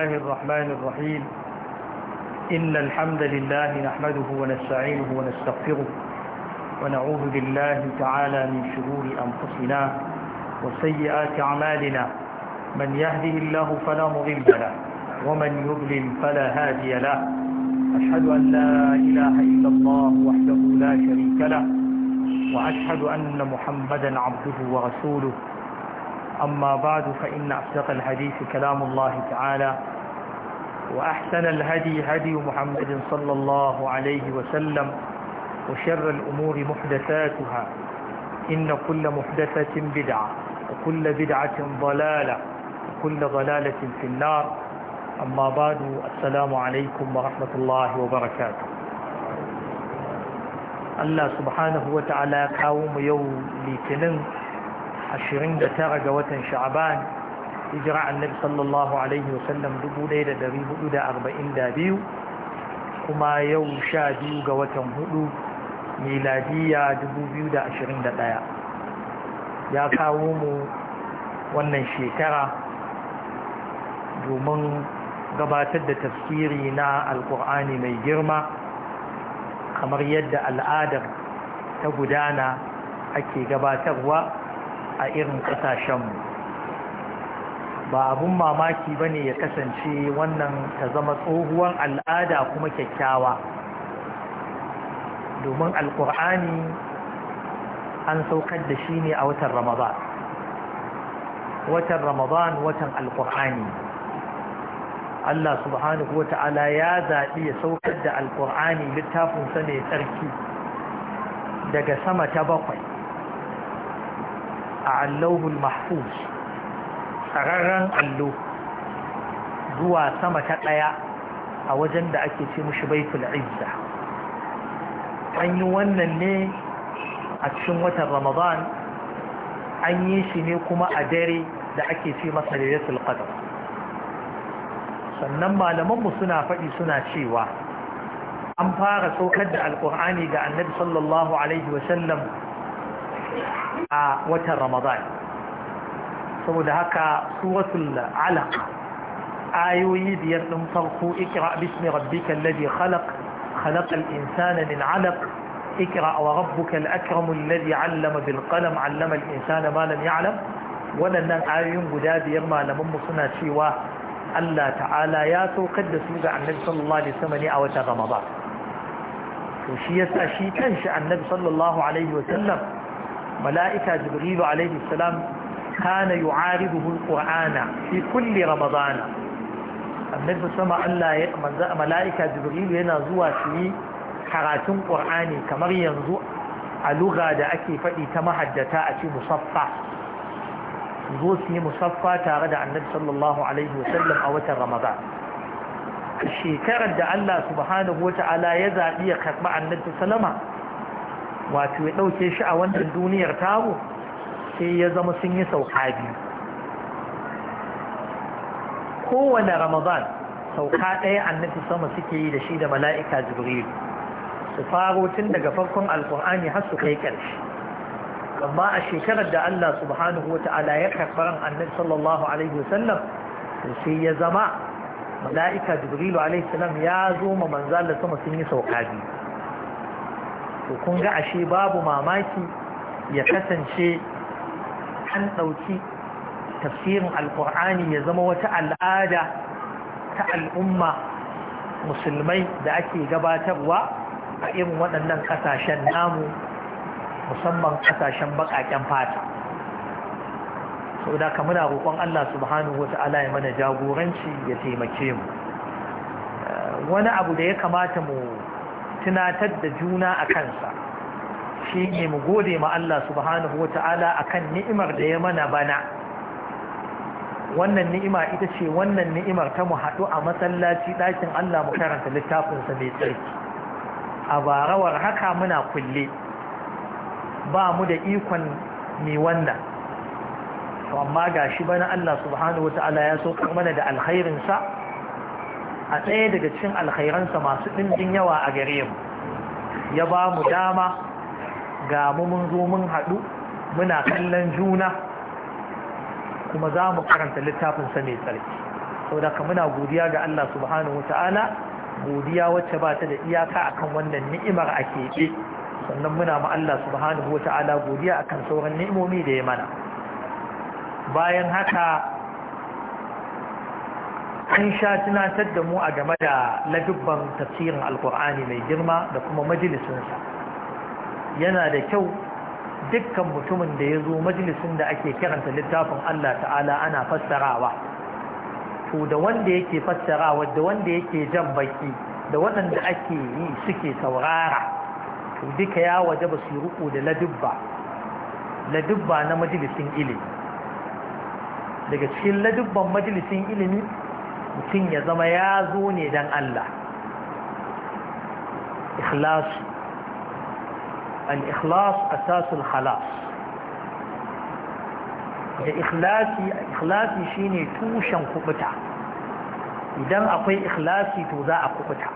الله الرحمن الرحيم إن الحمد لله نحمده ونستعينه ونستغفره ونعوذ بالله تعالى من شرور أنفسنا وسيئات أعمالنا من يهده الله فلا مضل له ومن يضلل فلا هادي له أشهد أن لا إله إلا الله وحده لا شريك له وأشهد أن محمدا عبده ورسوله أما بعد فإن أصدق الحديث كلام الله تعالى وأحسن الهدي هدي محمد صلى الله عليه وسلم وشر الأمور محدثاتها إن كل محدثة بدعة وكل بدعة ضلالة وكل ضلالة في النار أما بعد السلام عليكم ورحمة الله وبركاته الله سبحانه وتعالى قاوم يوم لتنم عشرين litinin 29 ga hijira annabi sallallahu alaihi wasallam 1442 kuma yau sha biyu ga watan hudu miladiya 2021 ya kawo mu wannan shekara domin gabatar da tafsiri na alkur'ani mai girma kamar yadda al'adar ta gudana ake gabatarwa a irin kasashenmu ba abun mamaki ba ne ya kasance wannan ta zama tsohuwar al'ada kuma kyakkyawa domin alkur'ani an saukar da shi ne a watan ramadan watan ramadan watan alkur'ani Allah subhanahu wa ta'ala ya zaɓi ya saukar da alkur'ani littafinsa mai tsarki daga sama ta bakwai a allahul mahfuz tsararren allo zuwa sama ta ɗaya a wajen da ake ce mushi an yi wannan ne a cikin watan ramadan an yi shi ne kuma a dare da ake ce masa lailatul qadr sannan malamanmu suna faɗi suna cewa an fara saukar da alkur'ani ga annabi sallallahu alaihi wasallam a watan ramadan saboda haka suratul alaq ayoyi biyar din farko ikra bismi rabbikal ladhi khalaq khalaqal insana min alaq ikra wa rabbukal akram alladhi 'allama bil qalam 'allama al insana ma lam ya'lam wadannan ayoyin guda biyar malaman mu suna cewa Allah ta'ala ya saukar da su ga annabi sallallahu alaihi wasallam a watan ramadan to shi yasa shi kanshi annabi sallallahu alaihi wasallam mala'ika jibrilu alaihi salam kana yu'aribuhu alqur'ana fi kulli ramadana annabi sama mala'ika jibrilu yana zuwa su yi karatun qur'ani kamar yanzu a da ake faɗi ta mahaddata a ce musaffa zo su musaffa tare da annabi sallallahu a watan ramadan shekarar da Allah subhanahu wata'ala ya zaɓi ya karɓi annabi salama wato ya ɗauke shi a wannan duniyar taro. sai ya zama sun yi sauka biyu kowane ramadan sauka ɗaya annabi sama suke yi da shi da mala'ika jibril su faro tun daga farkon alkur'ani har su kai ƙarshe amma a shekarar da Allah subhanahu wa ta'ala ya karɓar annabi sallallahu alaihi wasallam sai ya zama mala'ika jibrilu alaihi salam ya zo ma da sama sun yi sauka biyu to kun ga ashe babu mamaki ya kasance an ɗauki tafsirin alƙur'ani ya zama wata al'ada ta al'umma musulmai da ake gabatarwa a irin waɗannan ƙasashen namu musamman ƙasashen baƙaƙen fata sau da ka muna roƙon Allah subhanahu wa ta'ala ya mana jagoranci ya taimake mu wani abu da ya kamata mu tunatar da juna a kansa shi ne mu gode ma Allah subhanahu wa ta'ala a kan ni'imar da ya mana bana wannan ni'ima ita ce wannan ni'imar ta mu haɗu a masallaci ɗakin Allah mu karanta littafinsa mai tsarki a barawar haka muna kulle ba mu da ikon mai wannan. to amma ga shi bana Allah subhanahu wa ta'ala ya so mana da alkhairinsa a tsaye daga cin alkhairansa masu ɗin yawa a gare mu ya ba mu dama ga mun zo mun haɗu muna kallon juna kuma za mu karanta littafinsa mai tsarki saboda ka muna godiya ga Allah subhanahu ta'ala godiya wacce ba ta da iyaka akan wannan ni'imar a keɓe sannan muna ma Allah subhanahu ta'ala godiya akan sauran ni'imomi da ya mana bayan haka an sha tunatar da mu a game da ladubban tafsirin alkur'ani mai girma da kuma majalisinsa yana da kyau dukkan mutumin da ya zo majalisun da ake kiranta littafin Allah ta'ala ana fassarawa to da wanda yake fassarawa da wanda yake jan baki da waɗanda ake yi suke saurara to duka ya waje ba su ruku da ladubba ladubba na majalisun ilimi daga cikin ladubban majalisun ilimi mutum ya zama ya zo ne don Allah ikhlasu al-ikhlas asasul hala da ikhlasi iklasi shine tushen kubuta idan akwai iklasi to za a kubuta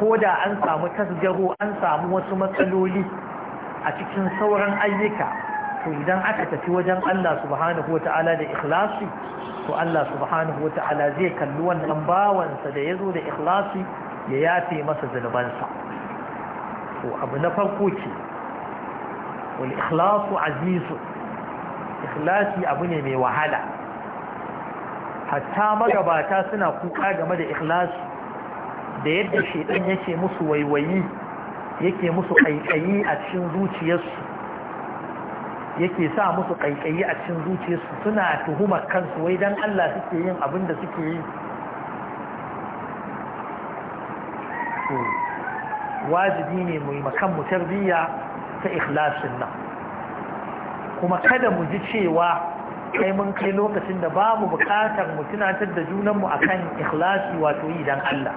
ko da an samu tasgaro an samu wasu matsaloli a cikin sauran ayyuka to idan aka tafi wajen Allah subhanahu wa ta'ala da iklasi to Allah subhanahu wa ta'ala zai kalli wannan bawansa da ya zo da ikhlasi ya yafe masa zunubansa farko abu na farko ce wal ikhlasu azizu ikhlasi abu ne mai wahala hatta magabata suna kuka game da ikhlasi da yadda shaidan yake musu waiwayi yake musu kaikayi a cikin zuciyarsu yake sa musu kaikayi a cikin zuciyarsu suna tuhumar kansu wai dan Allah suke yin abin da suke yi wajibi ne mu yi makan mu tarbiyya ta ikhlasin nan kuma kada mu ji cewa kai mun kai lokacin da babu bukatar mu tunatar da junanmu akan ikhlasi wato yi dan Allah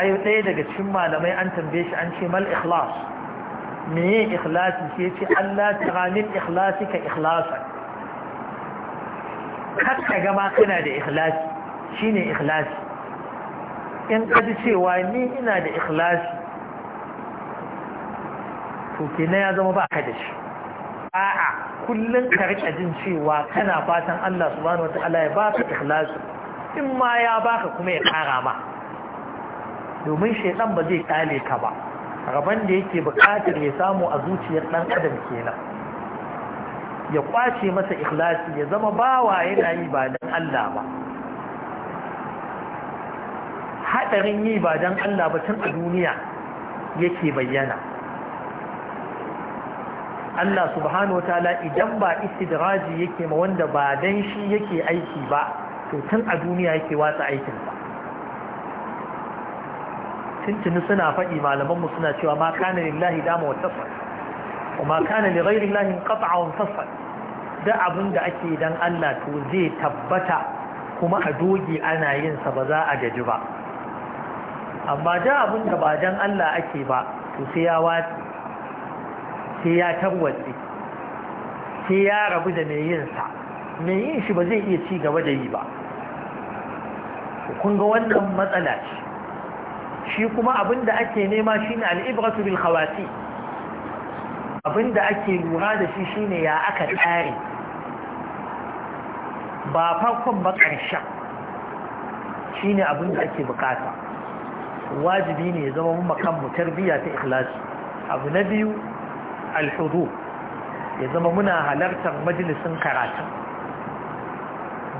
ai ɗaya daga cikin malamai an tambaye shi an ce mal ikhlas meye ikhlasi sai ce Allah ta ikhlasi ka ikhlasa kar ka gama kana da ikhlasi shine ikhlasi in ka ji cewa ni ina da ikhlasi to kenan ya zama ba ka da shi a'a kullum ka rika jin cewa kana fatan Allah subhanahu ta'ala ya baka ikhlasi in ma ya baka kuma ya kara ma domin shaitan ba zai kale ka ba rabon da yake bukatar ya samu a zuciyar dan adam kenan ya kwace masa ikhlasi ya zama bawa yana yi ba dan Allah ba haɗarin yi ba don Allah ba tun a duniya yake bayyana Allah subhanahu ta'ala idan ba istidraji yake ma wanda ba dan shi yake aiki ba to tun a duniya yake watsa aikin ba tuntuni suna faɗi malaman mu suna cewa ma kana lillahi dama wata wa ma kana li ghairi llahi qat'a wa fasal da abin da ake dan Allah to zai tabbata kuma a doge ana yin sa ba za a gaji ba amma da abin da ba dan Allah ake ba to sai ya watsi sai ya sai ya rabu da mai yin sa mai yin shi ba zai iya ci gaba da yi ba kun ga wannan matsala ce shi kuma abin da ake nema shine al-ibratu bil khawati abin da ake lura da shi shine ya aka tsare ba farkon ba ƙarshen shi ne abin da ake bukata wajibi ne ya zama mu makan mu tarbiya ta ikhlasi abu na biyu alhudu ya zama muna halartar majalisin karatu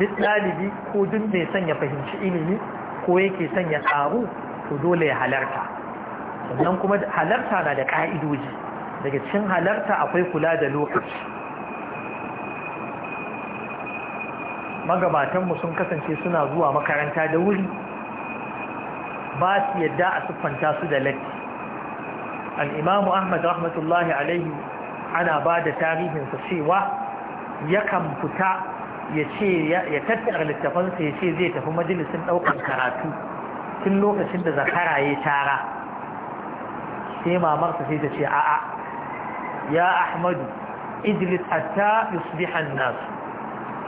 duk dalibi ko duk mai son ya fahimci ilimi ko yake son ya ƙaru to dole ya halarta sannan kuma halarta na da ƙa'idoji daga cikin halarta akwai kula da lokaci magabatanmu sun kasance suna zuwa makaranta da wuri ba su yadda a siffanta su da latti al'imamu ahmad rahmatullahi alaihi ana ba da tarihinsa cewa yakan fita ya ya tattara littafansa ya ce zai tafi majalisun ɗaukar karatu tun lokacin da zakara ya tara sai mamarsa sai ta ce a'a ya ahmadu idris hatta yusbihan nasu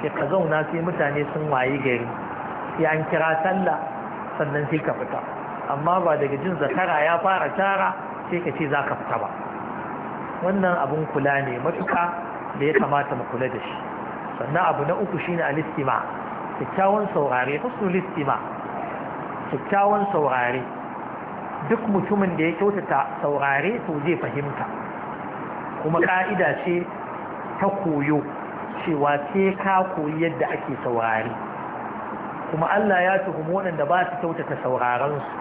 ke ka zauna sai mutane sun waye gari ya an kira sallah sannan sai ka fita amma ba daga jin zakara ya fara tara sai ka ce za ka fita ba wannan abun kula ne matuka da ya kamata mu kula da shi sannan abu na uku shine listima kyakkyawan saurare husnul listima kyakkyawan saurare duk mutumin da ya kyautata saurare to zai fahimta kuma ka'ida ce ta koyo cewa sai ka koyi yadda ake saurare kuma Allah ya tuhumi waɗanda ba su kyautata saurarensu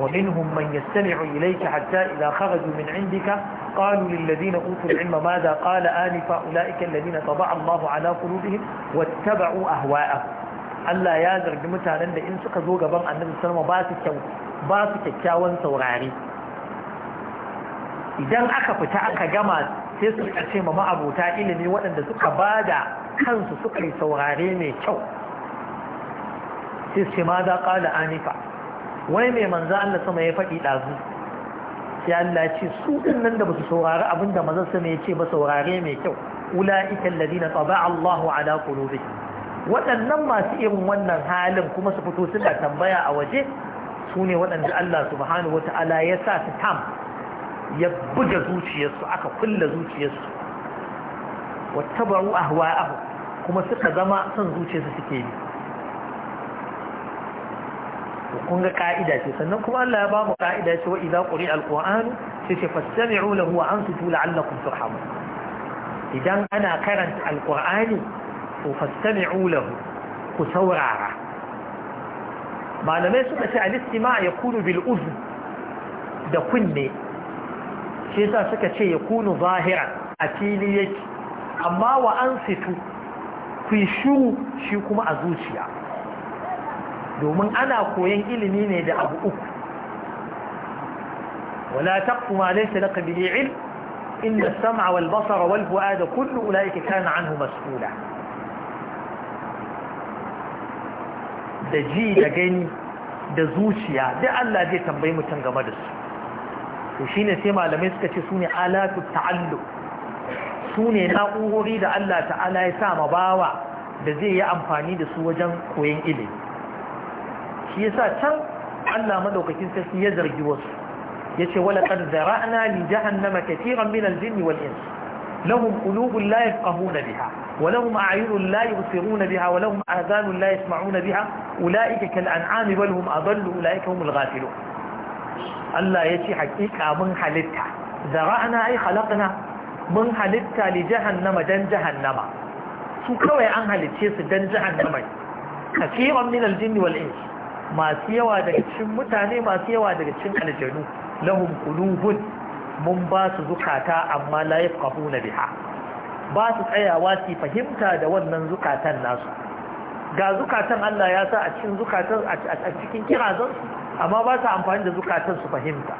ومنهم من يستمع إليك حتى إذا خرجوا من عندك قالوا للذين أوتوا العلم ماذا قال آنفا أولئك الذين طبع الله على قلوبهم واتبعوا أهواءهم Allah ya zargi mutanen da in suka zo gaban annabi sallama ba su ba su kyakkyawan saurare idan aka fita aka gama sai su ce ma ma'abota ilimi waɗanda suka bada kansu suka saurari mai kyau sai su ma za anifa wai mai manzo Allah sama ya faɗi ɗazu sai Allah ce su ɗin nan da ba su saurari abin da manzo sama ya ce ba saurare mai kyau ula'ika ladina taba Allahu ala qulubihim waɗannan masu irin wannan halin kuma su fito suna tambaya a waje su ne waɗanda Allah subhanahu wata'ala ya sa su tam ya buga zuciyarsu aka kulla zuciyarsu wata baru ahwa'ahu kuma suka zama son zuciyarsu suke yi kun ga ka'ida ce sannan kuma Allah ya ba mu ka'ida ce wa idza quri'a alquran sai ce fastami'u lahu wa ansitu la'allakum turhamun idan ana karanta alqur'ani to fastami'u lahu ku saurara malamai suka ce al-istima' yakunu bil uzn da kunne sai yasa suka ce yakunu zahiran a fili yake amma wa ansitu ku shiru shi kuma a zuciya domin ana koyan ilimi ne da abu uku wala taqfu ma laysa laka bihi ilm inna as-sam'a wal basara wal fu'ada kullu ulaika kana anhu mas'ula da ji da gani da zuciya da Allah zai tambayi mutum game da su to shine sai malamai suka ce sune alatu ta'alluq sune na'urori da Allah ta'ala ya sa mabawa da zai yi amfani da su wajen koyon ilimi shi yasa can Allah madaukakin sarki ya zargi wasu yace wala qad zara'na li jahannama katiran min al-jinn wal ins lahum qulubun la yafqahuna biha wa lahum a'yunun la yubsiruna biha wa lahum adhanun la yasma'una biha ulaika kal an'ami bal hum adallu ulaika humul ghafilun Allah yace hakika mun halitta zara'na ay khalaqna mun halitta li jahannama dan jahannama su kawai an halicce su dan jahannama katiran min al-jinn wal ins masu yawa daga cikin mutane masu yawa daga cikin aljanu lahum qulubun mun ba su zukata amma la yafqahuna biha ba su tsayawa su fahimta da wannan zukatan nasu ga zukatan Allah ya sa a cikin zukatan a cikin kirazan amma ba su amfani da zukatan su fahimta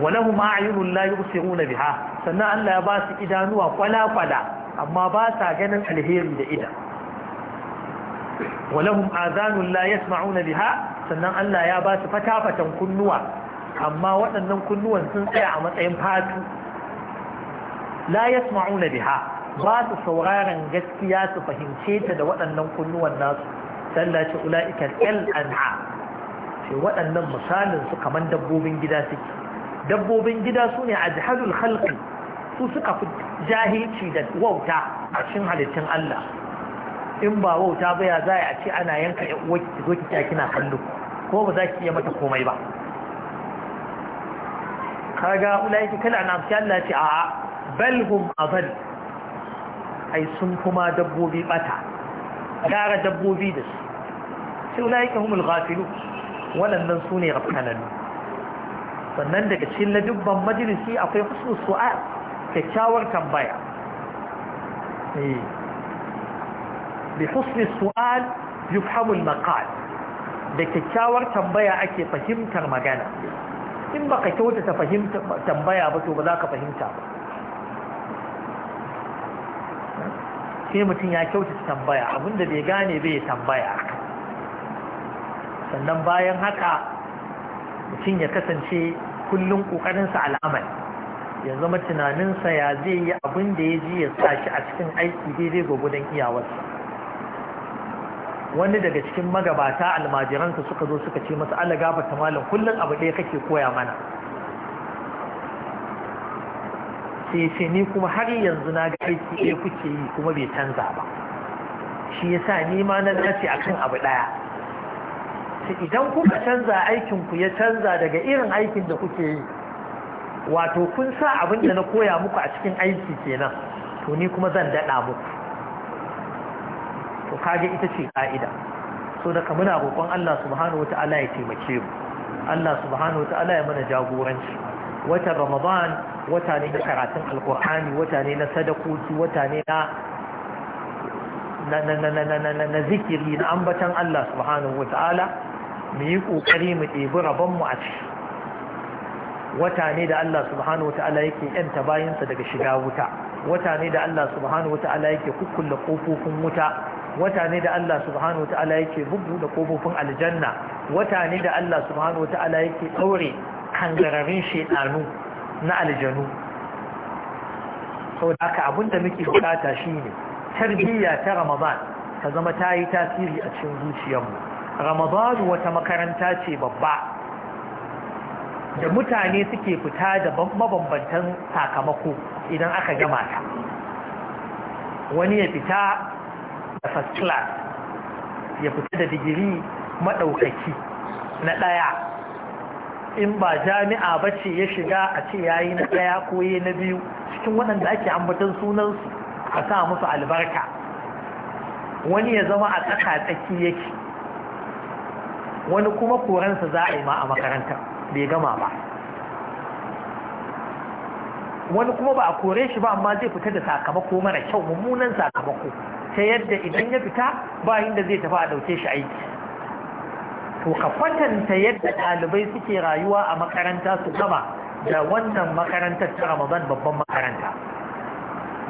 walahum a'yunun la yusiruna biha sannan Allah ya ba su idanuwa kwala-kwala amma ba sa ganin alheri da idan walahum azanun la yasma'una sannan Allah ya ba su fatafatan kunnuwa amma waɗannan kunnuwan sun tsaya a matsayin fatu la yasma'una biha ba su sauraron gaskiya su fahimce ta da waɗannan kunnuwan nasu sallaci al anha ce waɗannan misalin su kaman dabbobin gida suke dabbobin gida su ne a jihalul su suka fi jahilci da wauta a cikin halittun Allah in ba wauta ba ya za a ce ana yanka ya ki zo kina kallo ko ba za ki iya mata komai ba kaga ulaiki kala na fi Allah ce a balhum azal ai sun kuma dabbobi bata gara dabbobi da su sai ulaiki humul ghafilu waɗannan su ne rafkananu sannan daga cikin ladubban majalisi akwai husu su'a kyakkyawar tambaya eh. bi husni su'al yufhamul maqal da kyakkyawar tambaya ake fahimtar magana in baka kyautata tambaya ba to ba za ka fahimta ba sai mutum ya kyautata tambaya abinda bai gane bai tambaya sannan bayan haka mutum ya kasance kullum ƙoƙarinsa al'amal ya zama tunaninsa ya zai yi abin da ya ji ya sa shi a cikin aiki daidai gudan iyawarsa wani daga cikin magabata almajiransa suka zo suka ce masa Allah gafarta malam kullum abu ɗaya kake koya mana sai ce ni kuma har yanzu na ga aiki ɗaya kuke yi kuma bai canza ba shi yasa ni ma na dace akan abu ɗaya idan kuka canza aikin ku ya canza daga irin aikin da kuke yi wato kun sa abin da na koya muku a cikin aiki kenan to ni kuma zan daɗa muku to kaga ita ce ka'ida so daga muna roƙon Allah subhanahu wata'ala ya taimake mu Allah subhanahu wata'ala ya mana jagoranci wata ramadan wata ne na karatun alkur'ani wata ne na sadakoki wata ne na na zikiri na ambatan Allah subhanahu wata'ala mu yi kokari mu ɗebi rabon mu a ciki wata ne da Allah subhanahu wata'ala yake yanta bayansa daga shiga wuta wata ne da Allah subhanahu wata'ala yake kukkulle kofofin wuta wata ne da Allah subhanahu wa ta'ala yake bugu da kofofin aljanna wata ne da Allah subhanahu wa ta'ala yake daure hangararin shedanu na aljanu saboda haka abinda muke bukata shine tarbiyya ta Ramadan ta zama ta yi tasiri a cikin zuciyarmu Ramadan wata makaranta ce babba da mutane suke fita da mabambantan sakamako idan aka gama ta wani ya fita da first ya fita da digiri maɗaukaki na ɗaya in ba jami'a ba ce ya shiga a ce ya yi na ɗaya ko yi na biyu cikin waɗanda ake ambatan sunansu a sa musu albarka wani ya zama a tsaka-tsaki yake wani kuma koransa za a yi ma a makaranta bai gama ba wani kuma ba a kore shi ba amma zai fita da sakamako mara kyau mummunan sakamako ta yadda idan ya fita ba inda zai tafi a ɗauke shi aiki to ka kwatanta yadda ɗalibai suke rayuwa a makaranta su gama da wannan makarantar ta ramadan babban makaranta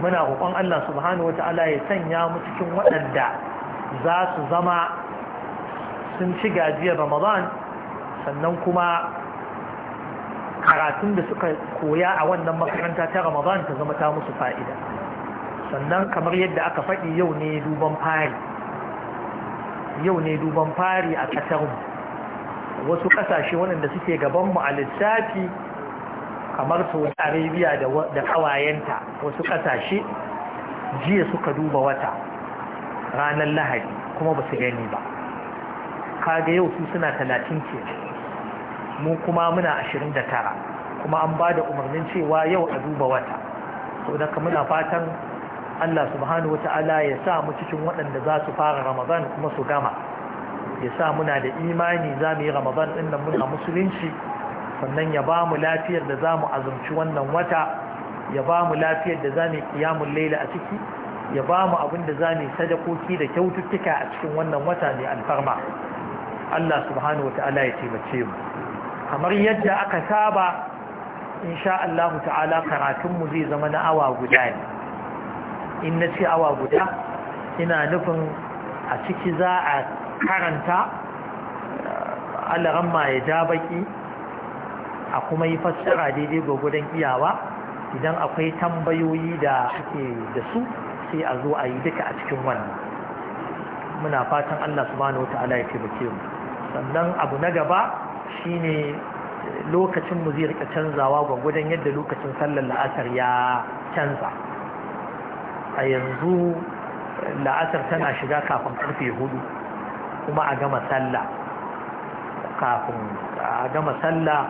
muna roƙon Allah subhanahu ta'ala ya sanya mu cikin waɗanda za su zama sun ci gajiyar ramadan sannan kuma karatun da suka koya a wannan makaranta ta ramadan ta zama ta musu fa'ida sannan kamar yadda aka faɗi yau ne duban fari yau ne duban fari a ƙasarmu wasu ƙasashe waɗanda suke gabanmu a lissafi kamar saudi arabia da ƙawayenta wasu ƙasashe jiya suka duba wata ranar lahadi kuma ba su gani ba kaga yau su suna talatin ke mu kuma muna ashirin da tara kuma an ba da umarnin cewa yau a duba wata sau da muna fatan Allah subhanahu wata'ala ya sa mu cikin waɗanda za su fara ramadan kuma su gama ya sa muna da imani za mu yi ramadan ɗin nan muna musulunci sannan ya ba mu lafiyar da za mu azumci wannan wata ya ba mu lafiyar da za mu kiyamun laila a ciki ya ba mu abin da za mu sadakoki da kyaututtuka a cikin wannan wata mai alfarma Allah subhanahu wata'ala ya taimace mu kamar yadda aka saba insha Allah ta'ala karatunmu zai zama na awa guda ne in na ce awa guda ina nufin a ciki za a karanta alaramma ya ja baki a kuma yi fassara daidai gwagwadon iyawa idan akwai tambayoyi da ake da su sai a zo a yi duka a cikin wannan muna fatan allah subhanahu wa ta'ala ya taimake mu sannan abu na gaba shine lokacin mu zai rika canzawa gwagwadon yadda lokacin sallar la'asar ya canza a yanzu la'asar tana shiga kafin karfe hudu kuma a gama sallah kafin a gama sallah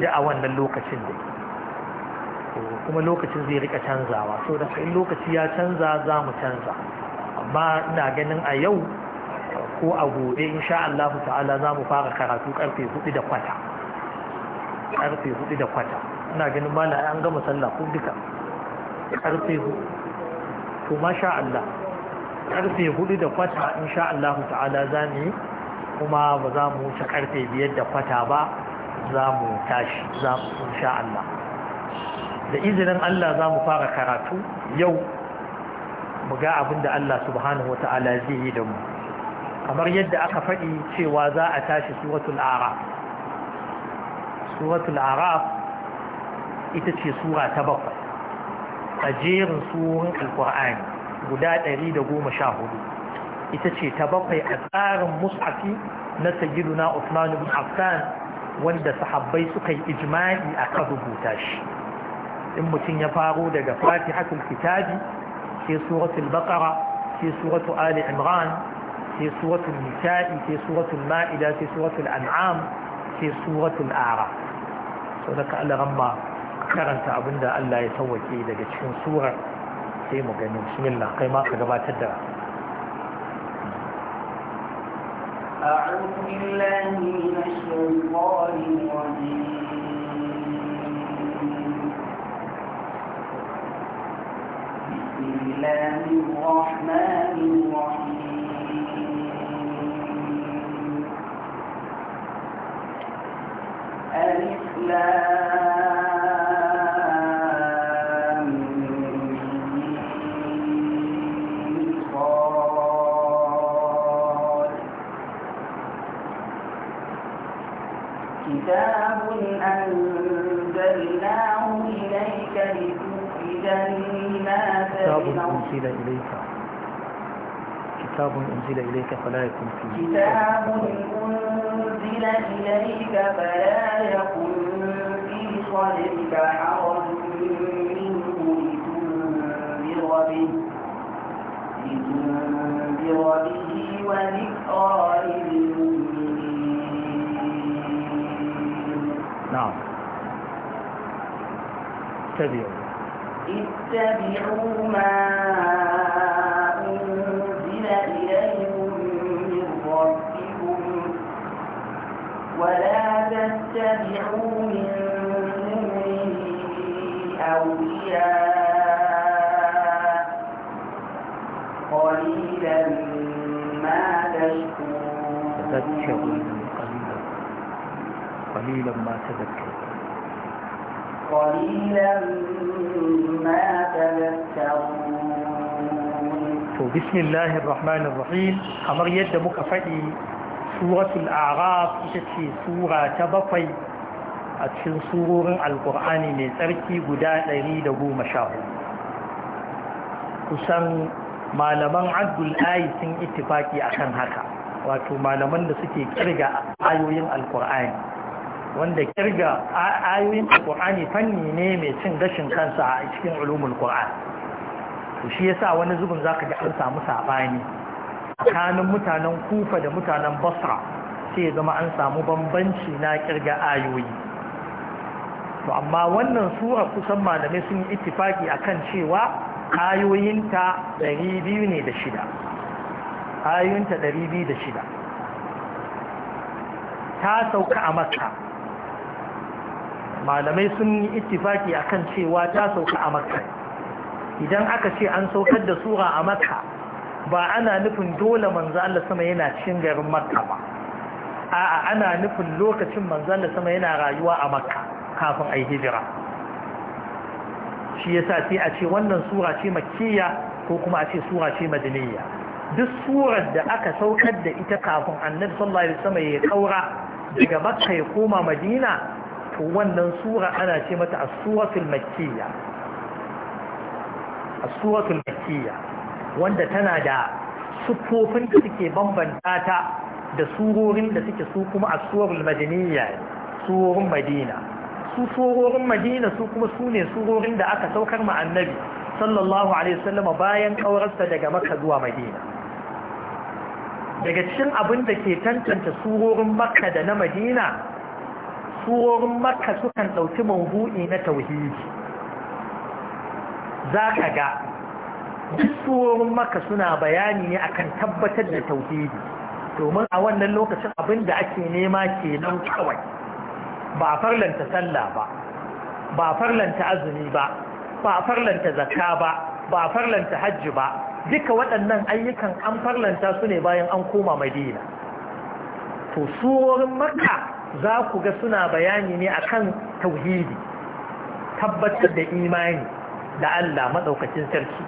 da a wannan lokacin da kuma lokacin zai rika canzawa so da in lokaci ya canza za mu canza amma ina ganin a yau ko a gobe insha Allah ta'ala za mu fara karatu karfe hudu da kwata karfe hudu da kwata ina ganin mala an gama sallah ko duka karfe hudu to sha Allah karfe hudu da kwata sha Allah ta'ala za mu yi kuma ba za mu wuce karfe biyar da kwata ba za mu tashi za mu sha Allah da izinin Allah za mu fara karatu yau mu ga abin da Allah subhanahu wa ta'ala zai yi da mu kamar yadda aka faɗi cewa za a tashi suratul araf suratul araf ita ce sura ta bakwai a jerin surorin alkur'ani guda 114 ita ce ta bakwai a tsarin mus'afi na na Usman ibn Affan wanda sahabbai suka yi ijma'i a kan rubuta shi in mutum ya faro daga fatihatul kitabi sai suratul baqara sai suratul ali imran sai suratul nisa'i sai suratul ma'ida sai suratul an'am sai suratul a'raf saboda ka karanta abin da Allah ya sauwake daga cikin surar sai mu gani bismillah kai ma ka gabatar da أعوذ بالله كتاب أنزلناه إليك لتخرج الناس كتاب أنزل إليك كتاب أنزل إليك فلا يكن فيه كتاب أنزل إليك فلا يكن في صدرك حرج اتبعوا اتبعوا ما أنزل إليكم من ربكم ولا تتبعوا من دونه أولياء قليلا ما تشكرون قليلا ما تذكرون bismillahir rahmanir rahim kamar yadda muka faɗi suratul a'raf ita ce sura ta bakwai a cikin surorin alkur'ani mai tsarki guda 114 kusan malaman abdul ayi sun ittifaki akan haka wato malaman da suke kirga ayoyin alkur'ani wanda kirga ayoyin alkur'ani fanni ne mai cin gashin kansa a cikin ulumul qur'an to shi yasa wani zubin zaka ji an samu sabani tsakanin mutanen kufa da mutanen basra sai ya zama an samu bambanci na kirga ayoyi to amma wannan sura kusan malamai sun yi ittifaki akan cewa ayoyinta 200 ne da shida ayoyinta 200 da shida ta sauka a makka malamai sun yi ittifaki akan cewa ta sauka a makka idan aka ce an saukar da sura a makka ba ana nufin dole manzo Allah sama yana cikin garin makka ba a'a ana nufin lokacin manzo Allah sama yana rayuwa a makka kafin ai hijira shi yasa sai a ce wannan sura ce makkiya ko kuma a ce sura ce madaniya duk surar da aka saukar da ita kafin annabi sallallahu alaihi wasallam ya kaura daga makka ya koma madina to wannan sura ana ce mata as-suratul makkiyya wanda tana da sufofin da suke bambanta ta da surorin da suke su kuma a suwarul madaniya surorin madina su surorin madina su kuma su ne surorin da aka saukar ma annabi sallallahu alaihi wasallam bayan kaurarsa daga makka zuwa madina daga cikin abin da ke tantance surorin makka da na madina surorin makka sukan dauki mawdu'i na tauhidi za ka ga duk maka suna bayani ne akan tabbatar da tauhidi domin a wannan lokacin abin da ake nema ke nan kawai ba farlanta sallah ba ba farlanta azumi ba ba farlanta zakka ba ba farlanta hajji ba duka waɗannan ayyukan an farlanta su ne bayan an koma madina to suwarin maka za ku ga suna bayani ne akan tauhidi tabbatar da imani da Allah maɗaukacin sarki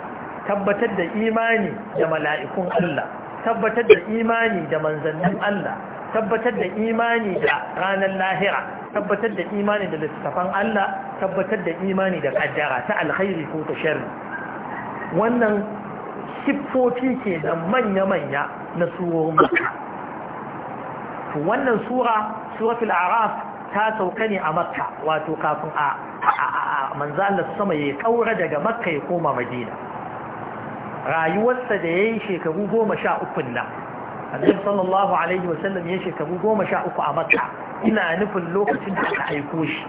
tabbatar da imani da mala'ikun Allah tabbatar da imani da manzannin Allah tabbatar da imani da ranar lahira tabbatar da imani da littattafan Allah tabbatar da imani da kaddara ta alkhairi ko ta sharri wannan siffofi ke da manya-manya na surorin wannan sura suratul araf ta sauka ne a makka wato kafin a manzo Allah sama ya kaura daga makka ya koma madina rayuwarsa da ya yi shekaru goma sha uku nan annabi sallallahu alaihi wasallam ya shekaru goma sha uku a makka ina nufin lokacin da aka aiko shi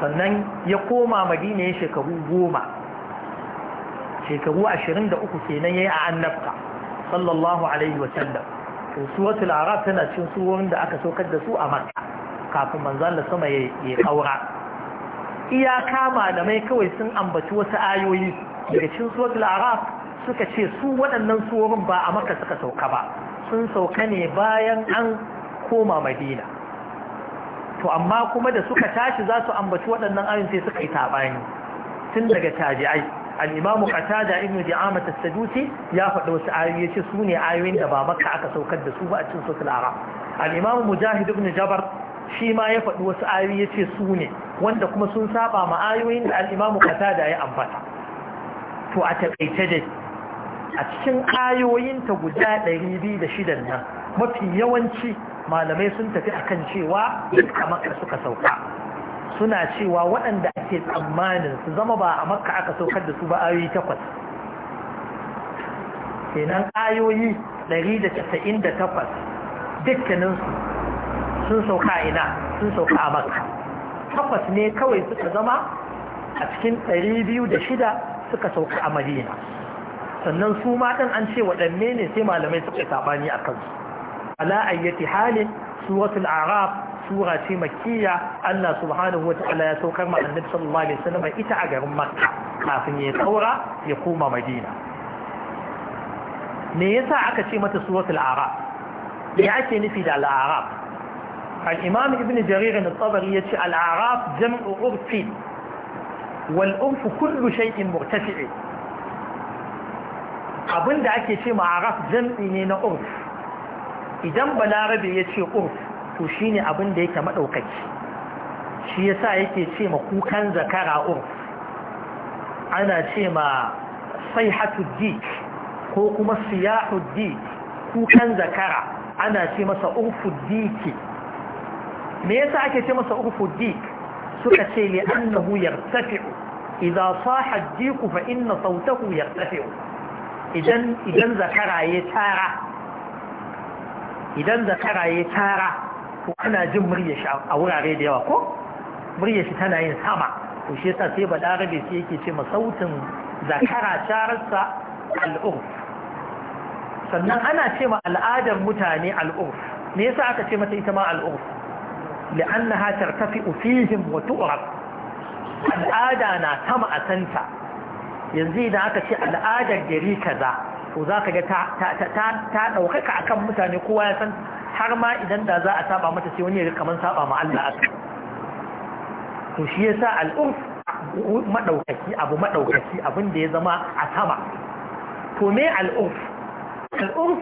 sannan ya koma madina ya shekaru goma shekaru ashirin da uku kenan ya yi a annabta sallallahu alaihi wasallam to suratul araf tana cin surorin da aka saukar da su a makka kafin manzan da sama ya Iya yi kama da mai kawai sun ambaci wasu ayoyi daga cin suratul araf suka ce su waɗannan suwarin ba a maka suka sauka ba sun sauka ne bayan an koma madina to amma kuma da suka tashi za su ambaci waɗannan ayoyin sai suka yi taɓani tun daga tabi'ai al'imamu qatada ibn di'amat ta sadusi ya faɗa wasu ayoyi ce su ne ayoyin da ba maka aka saukar da su ba a cin suratul araf al'imamu mujahid ibn jabar shi ma ya faɗi wasu ayoyi ya ce su ne wanda kuma sun saba ma ayoyin da al'imamu kata da ya ambata to a taƙaice dai a cikin ayoyin ta guda 206 nan mafi yawanci malamai sun tafi a kan cewa a maka suka sauka suna cewa waɗanda ake tsammanin su zama ba a maka aka saukar da su ba ayoyi takwas kenan ayoyi 198 dukkaninsu sun sauka ina sun sauka a makka tabbas ne kawai suka zama a cikin 206 suka sauka a madina sannan su matan an ce waɗanne ne sai malamai suka sabani a kansu ala ayyati halin suratul arab sura ce makkiya Allah subhanahu wa ta'ala ya saukar ma annabi sallallahu alaihi wasallam ita a garin makka kafin ya taura ya koma madina me yasa aka ce mata suratul araf me ake nufi da al الإمام ابن جرير الطبري يتي الأعراف جمع عرف والعرف كل شيء مرتفع abin da ake ce ma'araf jam'i ne na urf idan balarabe ya ce urf to shi ne abin da yake maɗaukaci shi ya sa yake ce ma kukan zakara urf ana ce ma sai hatuddik ko kuma siyahu kukan zakara ana ce masa urfuddiki. me yasa ake ce masa urfu dik suka ce li annahu yartafi'u idza saha ad-diku fa inna sawtahu yartafi'u idan idan zakara ya tara idan zakara ya tara to ana jin murya shi a wurare da yawa ko Murya shi tana yin sama to shi yasa sai balarabe sai yake ce ma sautin zakara tararsa al'urf sannan ana ce ma al'adar mutane al'urf me yasa aka ce mata ita ma al'urf ta fi فيهم وتؤرب al'ada na sama a santa yanzu idan aka ce al'adar gari kaza to za ka ta ɗaukaka akan mutane kowa ya san har ma idan da za a saba mata sai wani ya kamar saba ma Allah aka to ya sa al'urf maɗaukaki abu maɗaukaki abin ya zama a sama to me al'urf al'urf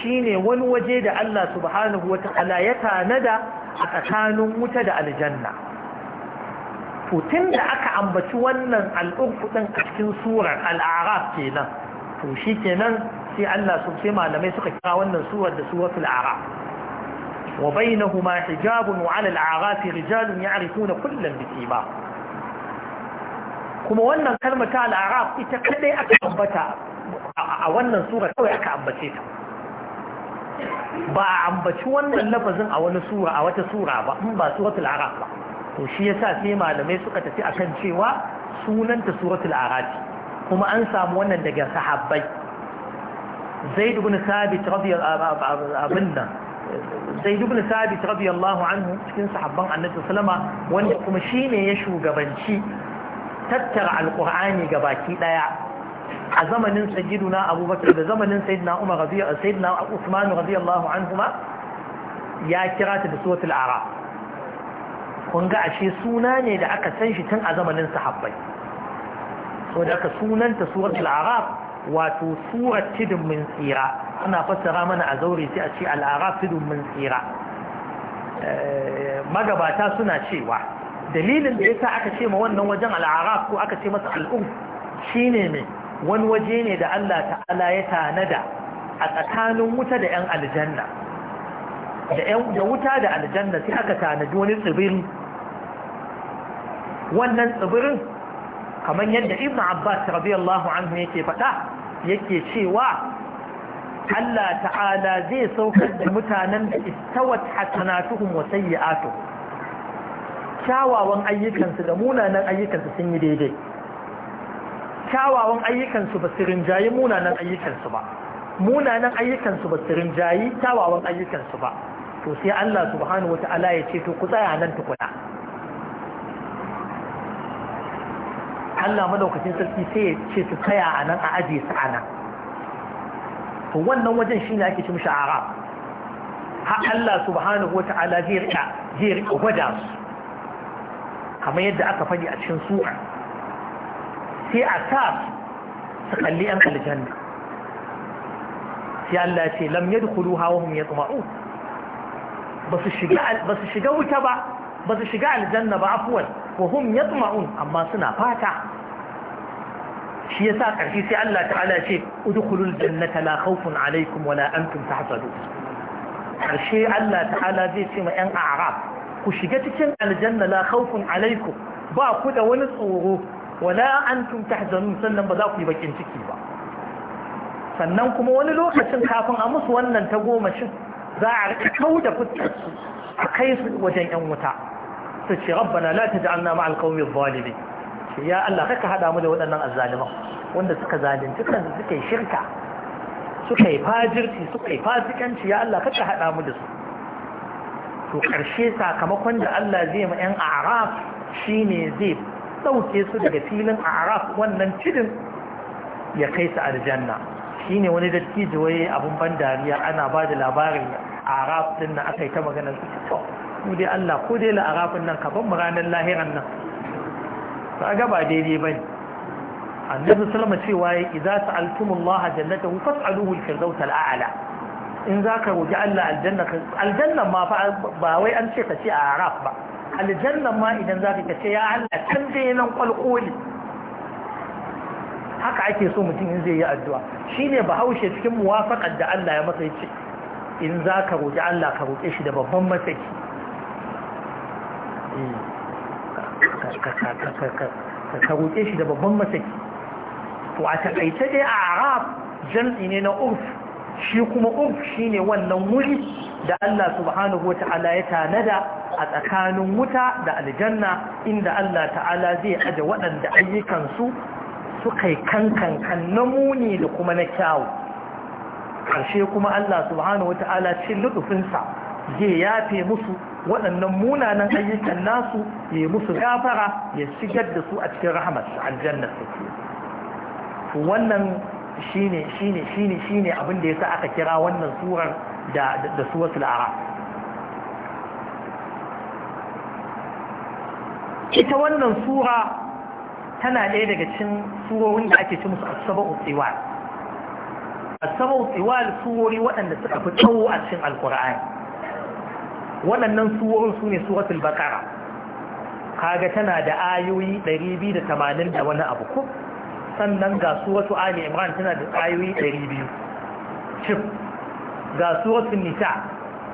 shi ne wani waje da Allah subhanahu wa ta'ala ya tanada a tsakanin wuta da aljanna to tun da aka ambaci wannan al'urfu ɗin a cikin surar al'araf kenan to shi kenan sai Allah su sai malamai suka kira wannan surar da suratul araf wa ma hijabun wa ala al'araf rijalun ya'rifuna kullan ba. kuma wannan kalmar ta al'araf ita kadai aka ambata a wannan surar kawai aka ambace ta ba a ambaci wannan lafazin a wani sura a wata sura ba in ba suratul araf ba to shi yasa sai malamai suka tafi akan cewa sunanta suratul araf kuma an samu wannan daga sahabbai zaid ibn sabit radiyallahu anhu zaid ibn sabit radiyallahu anhu cikin sahabban annabi sallama wanda kuma shine ya shugabanci tattara alqur'ani gabaki daya a zamanin sayyiduna abubakar da zamanin sayyidina umar radiyallahu sayyidina usman radiyallahu anhuma ya kira ta da suwatul ara kun ga ashe suna ne da aka san shi tun a zamanin sahabbai so da aka sunanta suwatul ara wato surat tidin min tsira ana fassara mana a zaure sai a ce al'araf tidin min tsira eh, magabata suna cewa dalilin da ya sa aka ce ma wannan wajen al'araf ko aka ce masa al'um shi ne mai wani waje ne da Allah ta'ala ya tanada a tsakanin wuta da 'yan aljanna da wuta da aljanna sai aka tanadi wani tsibiri wannan tsibirin kamar yadda ibn abbas radiyallahu anhu yake faɗa yake cewa Allah ta'ala zai saukar da mutanen da istawat hasanatuhum wa sayyi'atuhum kyawawan ayyukansu da munanan ayyukansu sun yi daidai kyawawan ayyukansu ba su rinjayi munanan ayyukansu ba munanan ayyukansu ba su rinjayi kyawawan ayyukansu ba to sai Allah subhanahu wata'ala ya ce to ku tsaya nan tukuna Allah madaukakin sarki sai ya ce su tsaya a nan a aje su a nan to wannan wajen shine ake ci mishi arab ha Allah subhanahu wata'ala zai rika zai rika gwada su kamar yadda aka faɗi a cikin sura sai a sa su kalli yan aljanna sai Allah ce lam yadkhuluha wa hum yatma'un basu shiga ba shiga wuta ba basu shiga aljanna ba afwan wa hum yatma'un amma suna fata shi yasa karshe sai Allah ta'ala ce udkhulul jannata la khawfun alaykum wa la antum tahzanun karshe Allah ta'ala zai ce ma yan a'rab ku shiga cikin aljanna la khawfun alaykum ba ku da wani tsoro wala an tun antum tahzanun sannan ba za ku yi bakin ciki ba sannan kuma wani lokacin kafin a musu wannan ta goma shi. za a rika kau da fuskar su a kai su wajen yan wuta su ce rabbana la taj'alna ma'al qawmi adh-dhalimin ya Allah kaka hada mu da waɗannan azzaliman wanda suka zalunci kansu suka yi shirka suka yi fajirci suka yi fasikanci ya Allah kaka hada mu da su to ƙarshe sakamakon da Allah zai ma 'yan araf shine zai ɗauke su daga filin a araf wannan cidin ya kai su aljanna shi ne wani dattijo waye abin ban dariya ana ba da labarin a araf ɗin na aka yi ta maganar su to mu dai allah ko dai la'arafin nan ka mu ranar lahiran nan ba ga ba daidai ba ne annabi salama cewa ya idza sa'altumullah jannatahu fas'aluhu al-firdaus al-a'la in zaka roki Allah aljanna aljanna ma fa ba wai an ce ka ce a araf ba aljannan ma idan za ka ce ya Allah can dai nan kwalkoli haka ake so mutum in zai yi addu'a shine bahaushe cikin muwafaqar da Allah ya masa yace in za ka roƙi Allah ka roƙe shi da babban mataki eh, ka roƙe shi da babban mataki to a taƙaice dai a arab jam'i ne na urf shi kuma uf shine wannan wuri da Allah subhanahu wata'ala ya tanada a tsakanin wuta da aljanna inda Allah ta'ala zai aje waɗanda ayyukansu su kai kankan na muni da kuma na kyawu ƙarshe kuma Allah subhanahu wata'ala cin lutufinsa zai yafe musu waɗannan munanan ayyukan nasu ya musu gafara ya shigar da su a cikin rahamarsa aljanna su wannan shine shine shine shine abin da yasa aka kira wannan surar da da suratul araf ita wannan sura tana ɗaya daga cikin surorin da ake ci musu tiwal as-sabu tiwal surori waɗanda suka fi tsawo a cikin alkur'ani waɗannan surorin su ne suratul baqara kaga tana da ayoyi 280 da wani abu ko sannan ga suratu ali imran tana da ayoyi 200 cif ga suratu nisa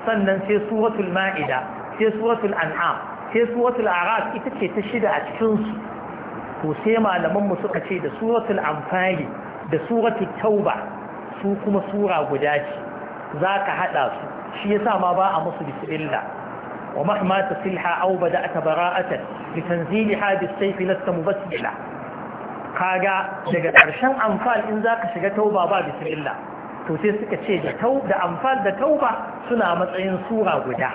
sannan sai suratu ma'ida sai suratul an'am sai suratul araf ita ce ta shida a cikin su to sai malaman mu suka ce da suratul amfani da suratu tauba su kuma sura guda ce zaka hada su shi yasa ma ba a musu bismillah ومهما تسلها أو بدأت براءة لتنزيلها filasta mu مبسملة kaga daga ƙarshen amfal in za ka shiga tauba ba illa to sai suka ce da amfal da tauba suna matsayin sura guda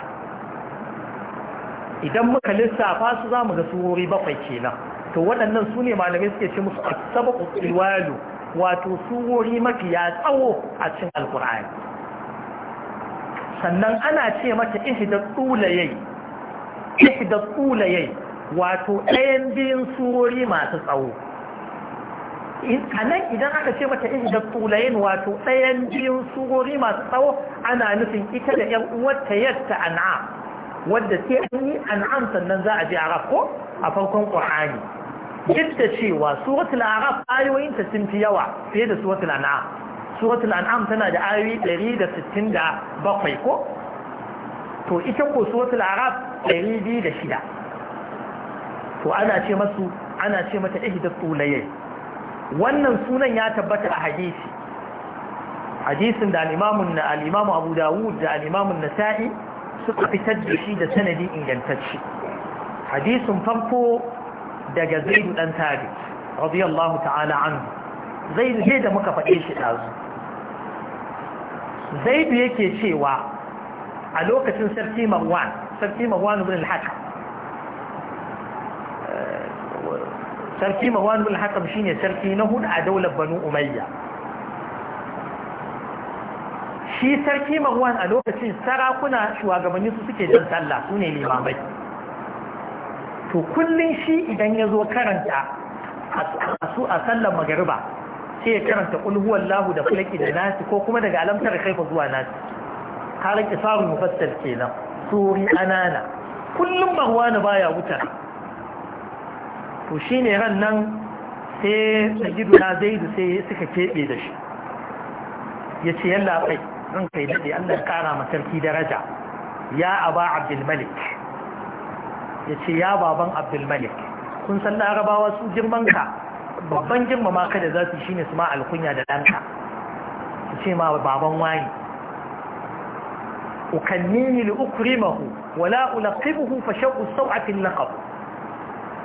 idan muka lissafa su za mu ga surori bakwai kenan to waɗannan su ne malamai suke ce musu asaba iwalu wato surori ya tsawo a cikin alkur'ani sannan ana ce mata ihda tsulayai tsulayai wato ɗayan biyun surori masu tsawo a nan idan aka ce mata da tulayen wato ɗayan biyun surori masu tsawo ana nufin ita da ‘yan uwarta yadda an'am wadda sai an yi an'am sannan za a je araf ko a farkon ƙwa'ani duk da cewa suratul araf ayoyinta sun fi yawa fiye da suratul an'am suratul an'am tana da ayoyi 167 ko to ita ko suratul araf 206 to ana ce masu ana ce mata ihda tulayen wannan sunan ya tabbata a hadisi hadisin da al'imamun na al'imamu abu dawud da al'imamun nasa'i suka fitar da shi da sanadi ingantacci, hadisin farko daga zaidu ɗan tari radiyallahu ta'ala anhu zaidu ne da muka faɗe shi ɗazu zaidu yake cewa a lokacin sarki marwan sarki marwan ibn al-hakam sarki mawanu al-hakam shine sarki na hudu a daular banu umayya shi sarki marwan a lokacin sarakuna shugabanni su suke jan sallah su ne limamai to kullum shi idan ya zo karanta a su a sallar magariba sai ya karanta kulhuwan lahu da fulaki da nasi ko kuma daga alamtar kaifa zuwa nasi har kisarun mufassal kenan suri anana kullum marwan baya wuta to shi ne ran nan sai na zaidu sai suka keɓe da shi ya ce yalla kai ran kai daɗe allah ƙara ma sarki daraja ya aba abdulmalik ya ce ya baban abdulmalik kun san larabawa su girmanka babban girmama ka da za su shi ne su ma alkunya da ɗanka su ce ma baban wani ukannini li ukrimahu wala ulaqibuhu fa sha'u saw'atin laqab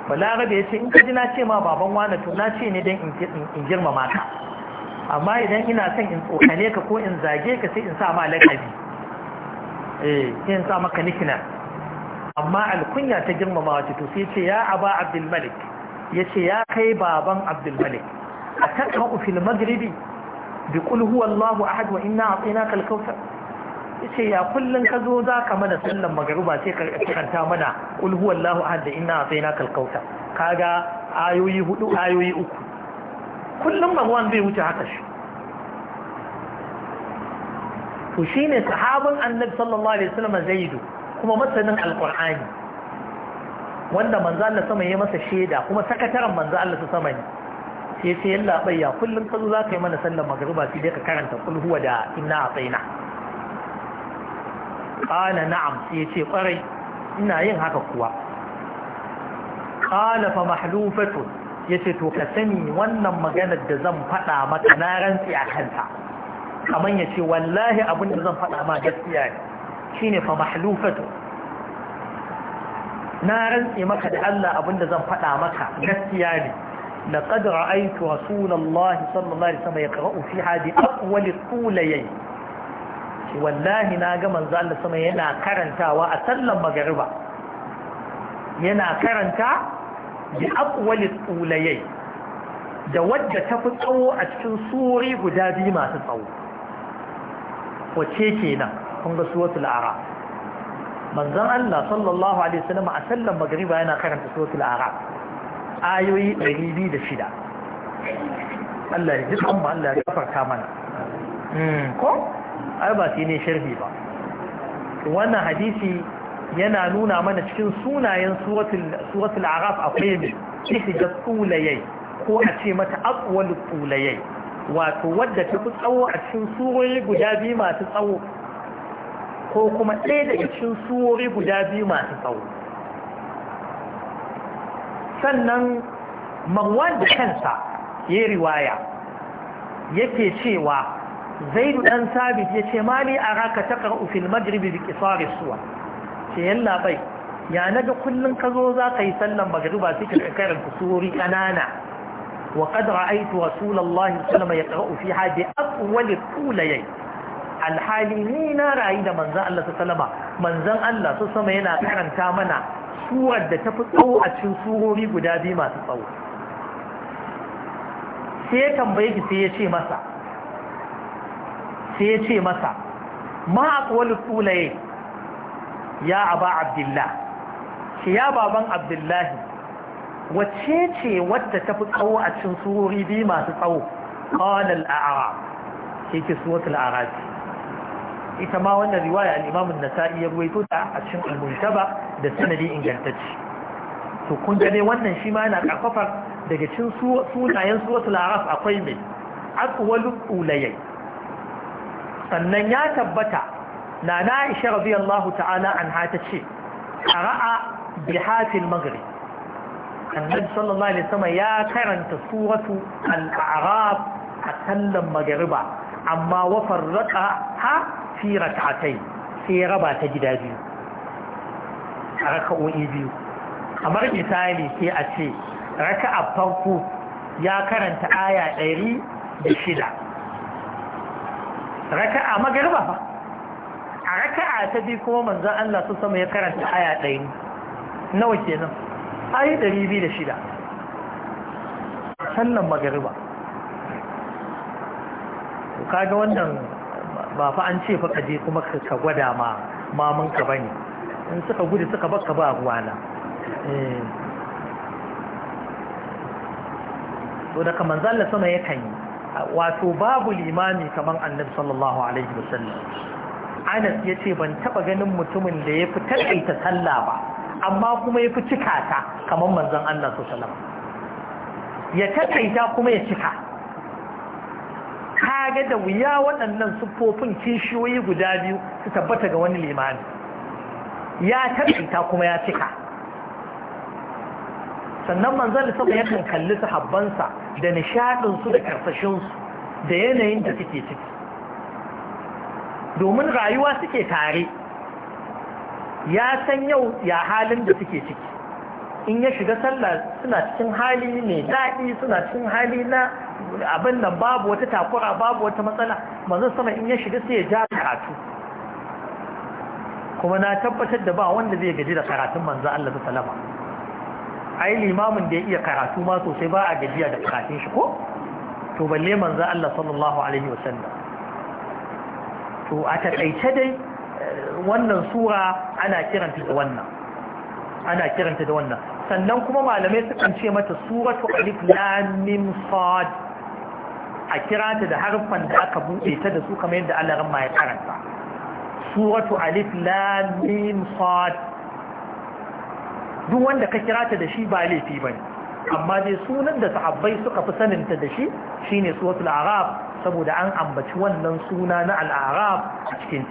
balarabe ya ce in kaji na ce ma baban wane to na ce ne don in girmama ka amma idan ina son in tsokane ka ko in zage ka sai in sa ma lakabi eh in sa maka amma alkunya ta girmama ce to sai ce ya aba abdulmalik ya ce ya kai baban abdulmalik a taɓa fil magribi bi kul huwa allahu ahad wa inna a tsina kalkautar ce ya kullum ka zo za ka mana sallan magaruba sai ka karanta mana ulhu wallahu ahad da inna sai na kalkauta kaga ayoyi hudu ayoyi uku kullum magwan bai wuce haka shi to shine sahabin annabi sallallahu alaihi wasallam zaidu kuma masanin alqur'ani wanda manzo Allah sama ya masa sheda kuma sakataren manzo Allah sama ne sai sai yalla bayya kullum ka zo za ka yi mana sallan magruba sai dai ka karanta kulhuwa da inna ataina ƙala na'am sai ce ƙwarai ina yin haka kuwa ƙala fa mahlufatu ya ce to ka sani wannan maganar da zan faɗa maka na rantsi a kanta kamar ya ce wallahi abin da zan faɗa ma gaskiya ne shi ne fa mahlufatu na rantsi maka da Allah abin da zan faɗa maka gaskiya ne da لقد رأيت رسول الله صلى الله عليه وسلم يقرأ فيها بأول الطوليين wallahi na ga manzo Allah sama yana karantawa a sallan magariba yana karanta bi aqwali qulayai da wadda ta fi tsawo a cikin suri guda biyu masu tsawo wace kenan kun ga suratul araf manzon Allah sallallahu alaihi wasallam a sallan magariba yana karanta suratul araf ayoyi 206 Allah ya ji Allah ya kafarta mana hmm, ko ai ba shi ne sharhi ba wannan hadisi yana nuna mana cikin sunayen suratul araf akwai mai ihda tsulayai ko a ce mata aqwal tsulayai wato wadda ta fi tsawo a cikin surori guda biyu masu tsawo ko kuma ɗaya daga cikin surori guda biyu masu tsawo sannan marwan da kansa ya riwaya yake cewa zaidu dan sabit ya ce mali a raka ta ƙar'u fil magribi bi kisari suwa ce yalla bai ya naga kullum ka zo za ka yi sallan magriba sai ka karanta surori ƙanana wa qad ra'aytu rasulullahi sallallahu alaihi wasallam fi hadi aqwal qulayyi alhali ni na rayu da manzon Allah Sallama, manzon Allah sama yana karanta mana surar da tafi tsawo a cikin surori guda biyu masu tsawo sai ya tambaye ki sai ya ce masa sai ya ce masa ma aqwalu ya aba abdullah shi ya baban abdullahi Wace ce wadda ta fi tsawo a cikin surori biyu masu tsawo qala al-a'rab shi ke suratul a'raf ita ma wannan riwaya al-imam an-nasa'i ya ruwaito ta a cikin al da sanadi ingantacce to kun ga wannan shi ma yana karfafar daga cikin sunayen suratul a'raf akwai mai aqwalu ulayyi sannan ya tabbata na na ishe radiyallahu ta'ala an hata ce a ra'a hafin magari annabi sallallahu alaihi wasallam ya karanta suratu al-a'raf a sallan magariba amma wa farraqa ha fi rak'atay sai ya raba ta gida biyu a raka'o'i biyu kamar misali sai a ce raka'a farko ya karanta aya ɗari da shida raka'a magarba fa a raka'a ta bi kuma manzon Allah su sama ya karanta aya ɗaya nawa nan ayi 206 sallan magarba kaga wannan ba fa an ce fa kaje kuma ka gwada ma mamun ka bane in suka gudu suka baka ba ruwana eh to da kaman zalla sama yakan yi wato babu limami kamar annabi sallallahu alaihi wasallam anas ya ce ban taba ganin mutumin da ya fi taƙaita sallah ba amma kuma ya fi cika ta kamar manzon Allah sallallahu alaihi ya taƙaita kuma ya cika kage da wuya waɗannan siffofin kishiyoyi guda biyu su tabbata ga wani limami ya taƙaita kuma ya cika sannan manzan ya yakan kalli habbansa da nishaɗinsu da karsashinsu da yanayin da suke ciki domin rayuwa suke tare ya san yau ya halin da suke ciki in ya shiga sallah suna cikin hali mai daɗi suna cikin hali na abin nan babu wata takura babu wata matsala manzan sama in ya shiga sai ya ja karatu kuma na tabbatar da ba wanda zai gaji da karatun manzan Allah ta salama ai limamin da ya iya karatu ma sosai ba a gajiya da karatun shi ko to balle manza Allah sallallahu alaihi wasallam to a taƙaice dai eh, wannan sura ana kiranta da wannan ana kiranta da wannan sannan kuma malamai sukan ce mata suratu alif lam mim sad a kiranta da harfan da aka buɗe ta da su kamar yadda Allah ran ma ya karanta suratu alif Lamin mim sad duk wanda ka kira ta da shi ba laifi ba amma dai sunan da sahabbai suka fi saninta da shi shine suratul arab saboda an ambaci wannan suna na al-arab a cikin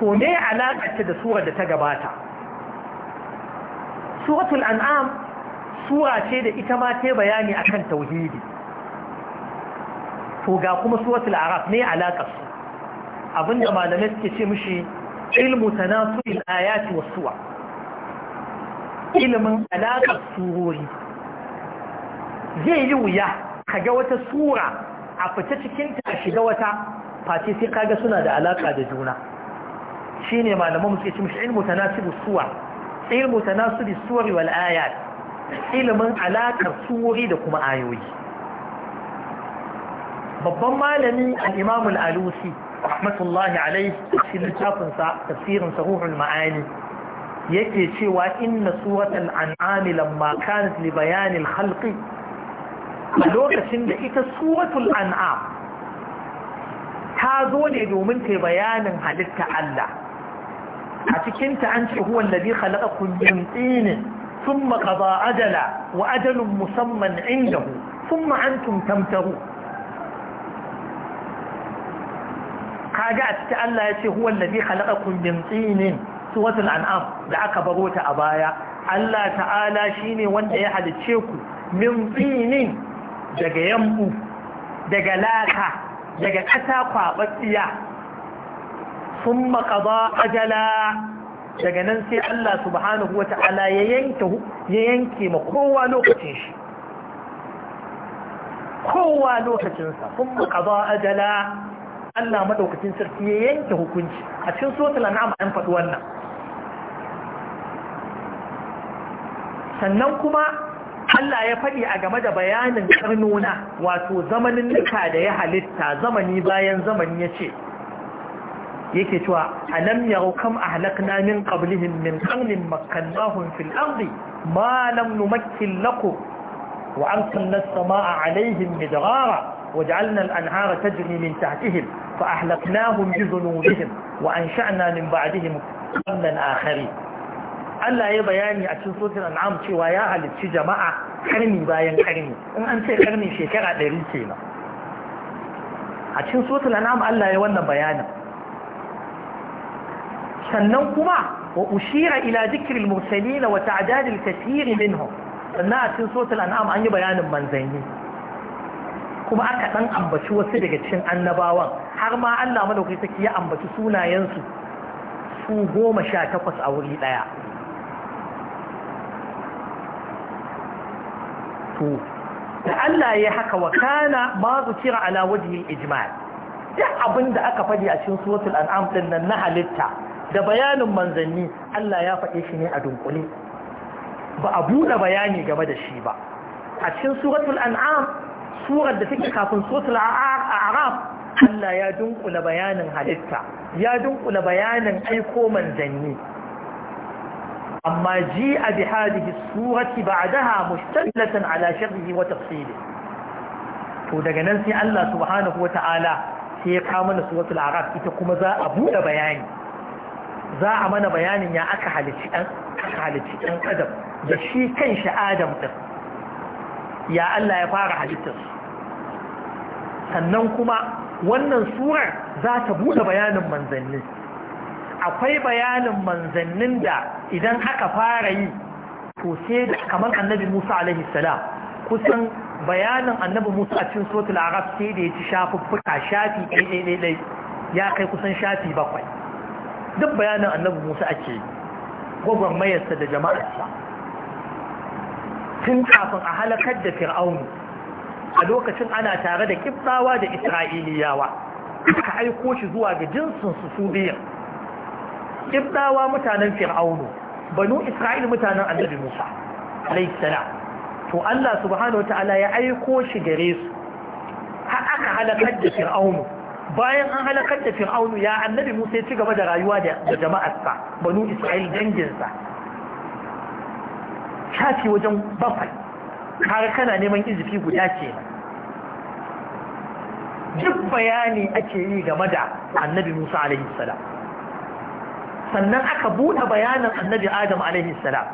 to me alaƙarta da surar da ta gabata suratul an'am sura ce da ita ma ta bayani akan tauhidi to ga kuma suratul Arab ne alaƙarsu abinda malamai suke ce mishi ilmu tanasul ayati suwa ilmin alaƙar surori zai yi wuya ka ga wata sura a fita cikinta ka shiga wata fati sai kaga suna da alaƙa da juna shine malaman suke cimshi ilmu tanasibu suwa ilmu tanasibu suwari wal ayat ilmin alaƙar surori da kuma ayoyi babban malami alimamul imamul alusi rahmatullahi alaihi shi littafinsa tafsirin sahuhul ma'ani yake cewa inna suratul an'am lamma kanat li bayan al khalqi a lokacin da ita suratul an'am ta zo ne domin ta bayanin halitta Allah a cikin ta an ce huwa alladhi khalaqakum min tin thumma qada ajala wa ajalun musamman indahu thumma antum tamtahu kaga a cikin Allah ya ce huwa allazi khalaqakum min tinin suratul an'am da aka baro ta a baya Allah ta'ala shine wanda ya halice ku min tinin daga yambu daga laka daga kasa kwabatsiya sun qada ajala daga nan sai Allah subhanahu wata'ala ya yanke ya yanke ma kowa lokacin shi kowa lokacinsa sun qada ajala Allah madaukakin sarki ya yanke hukunci a cikin suratul an'am an faɗi wannan sannan kuma Allah ya faɗi a game da bayanin karnona wato zamanin nika da ya halitta zamani bayan zamani ya ce yake cewa alam yarau kam ahlakna min qablihim min ƙarnin makkannahum fil ardi ma lam numakkin lakum wa amsalna as-samaa'a midrara وجعلنا الأنهار تجري من تحتهم فأحلقناهم بذنوبهم وأنشأنا من بعدهم قرنا آخرين Allah ya bayani a cikin sotin an'am cewa ya halicci jama'a karni bayan karni in an ce karni shekara ɗari kenan a cikin sotin an'am Allah ya wannan bayanin sannan kuma wa ushira ila zikril mursalin wata ta'dadil kathir minhum sannan a cikin sotin an'am an yi bayanin manzanni kuma aka ɗan ambaci wasu daga cikin annabawan har ma Allah madaukai saki ya ambaci sunayensu su goma sha takwas a wuri ɗaya. to da Allah ya haka wa kana ma zukira ala wajhi al-ijmal duk abinda aka faɗi a cikin suratul an'am din nan na halitta da bayanin manzanni Allah ya faɗe shi ne a dunkule ba a buɗe bayani game da shi ba a cikin suratul an'am surar da take kafin suratul Arab, Allah ya dunkula bayanin halitta ya dunkula bayanin aiko manzanni amma ji'a bi hadhihi surati ba'daha mustamilatan ala sharhihi wa tafsilihi to daga nan sai Allah subhanahu ta'ala sai ya kawo mana suratul ita kuma za a buɗe bayani za a mana bayanin ya aka halicci ɗan adam da shi kan shi adam ɗin ya Allah ya fara halittarsu sannan kuma wannan surar za ta buɗe bayanin manzanni akwai bayanin manzannin da idan aka fara yi to sai da kamar annabi musa alaihi salam kusan bayanin annabi musa a cikin sotul arab sai da ya ci shafuffuka shafi ɗaiɗaiɗaiɗai ya kai kusan shafi bakwai duk bayanin annabi musa ake gwagwarmayarsa da jama'arsa tun kafin a halakar da fir'aunu a lokacin ana tare da kibtawa da isra'iliyawa aka aiko shi zuwa ga jinsinsu su biyan kibtawa mutanen fir'aunu banu isra'il mutanen annabi musa alaihissala to allah subhanahu ta'ala ya aiko shi gare su har aka halakar da fir'aunu bayan an halakar da fir'aunu ya annabi musa ya ci gaba da rayuwa da jama'arsa banu isra'il danginsa shafi wajen bakwai kaga kana neman izifi guda ce duk bayani ake yi game da annabi musa alaihi salam sannan aka buɗe bayanin annabi adam alaihi salam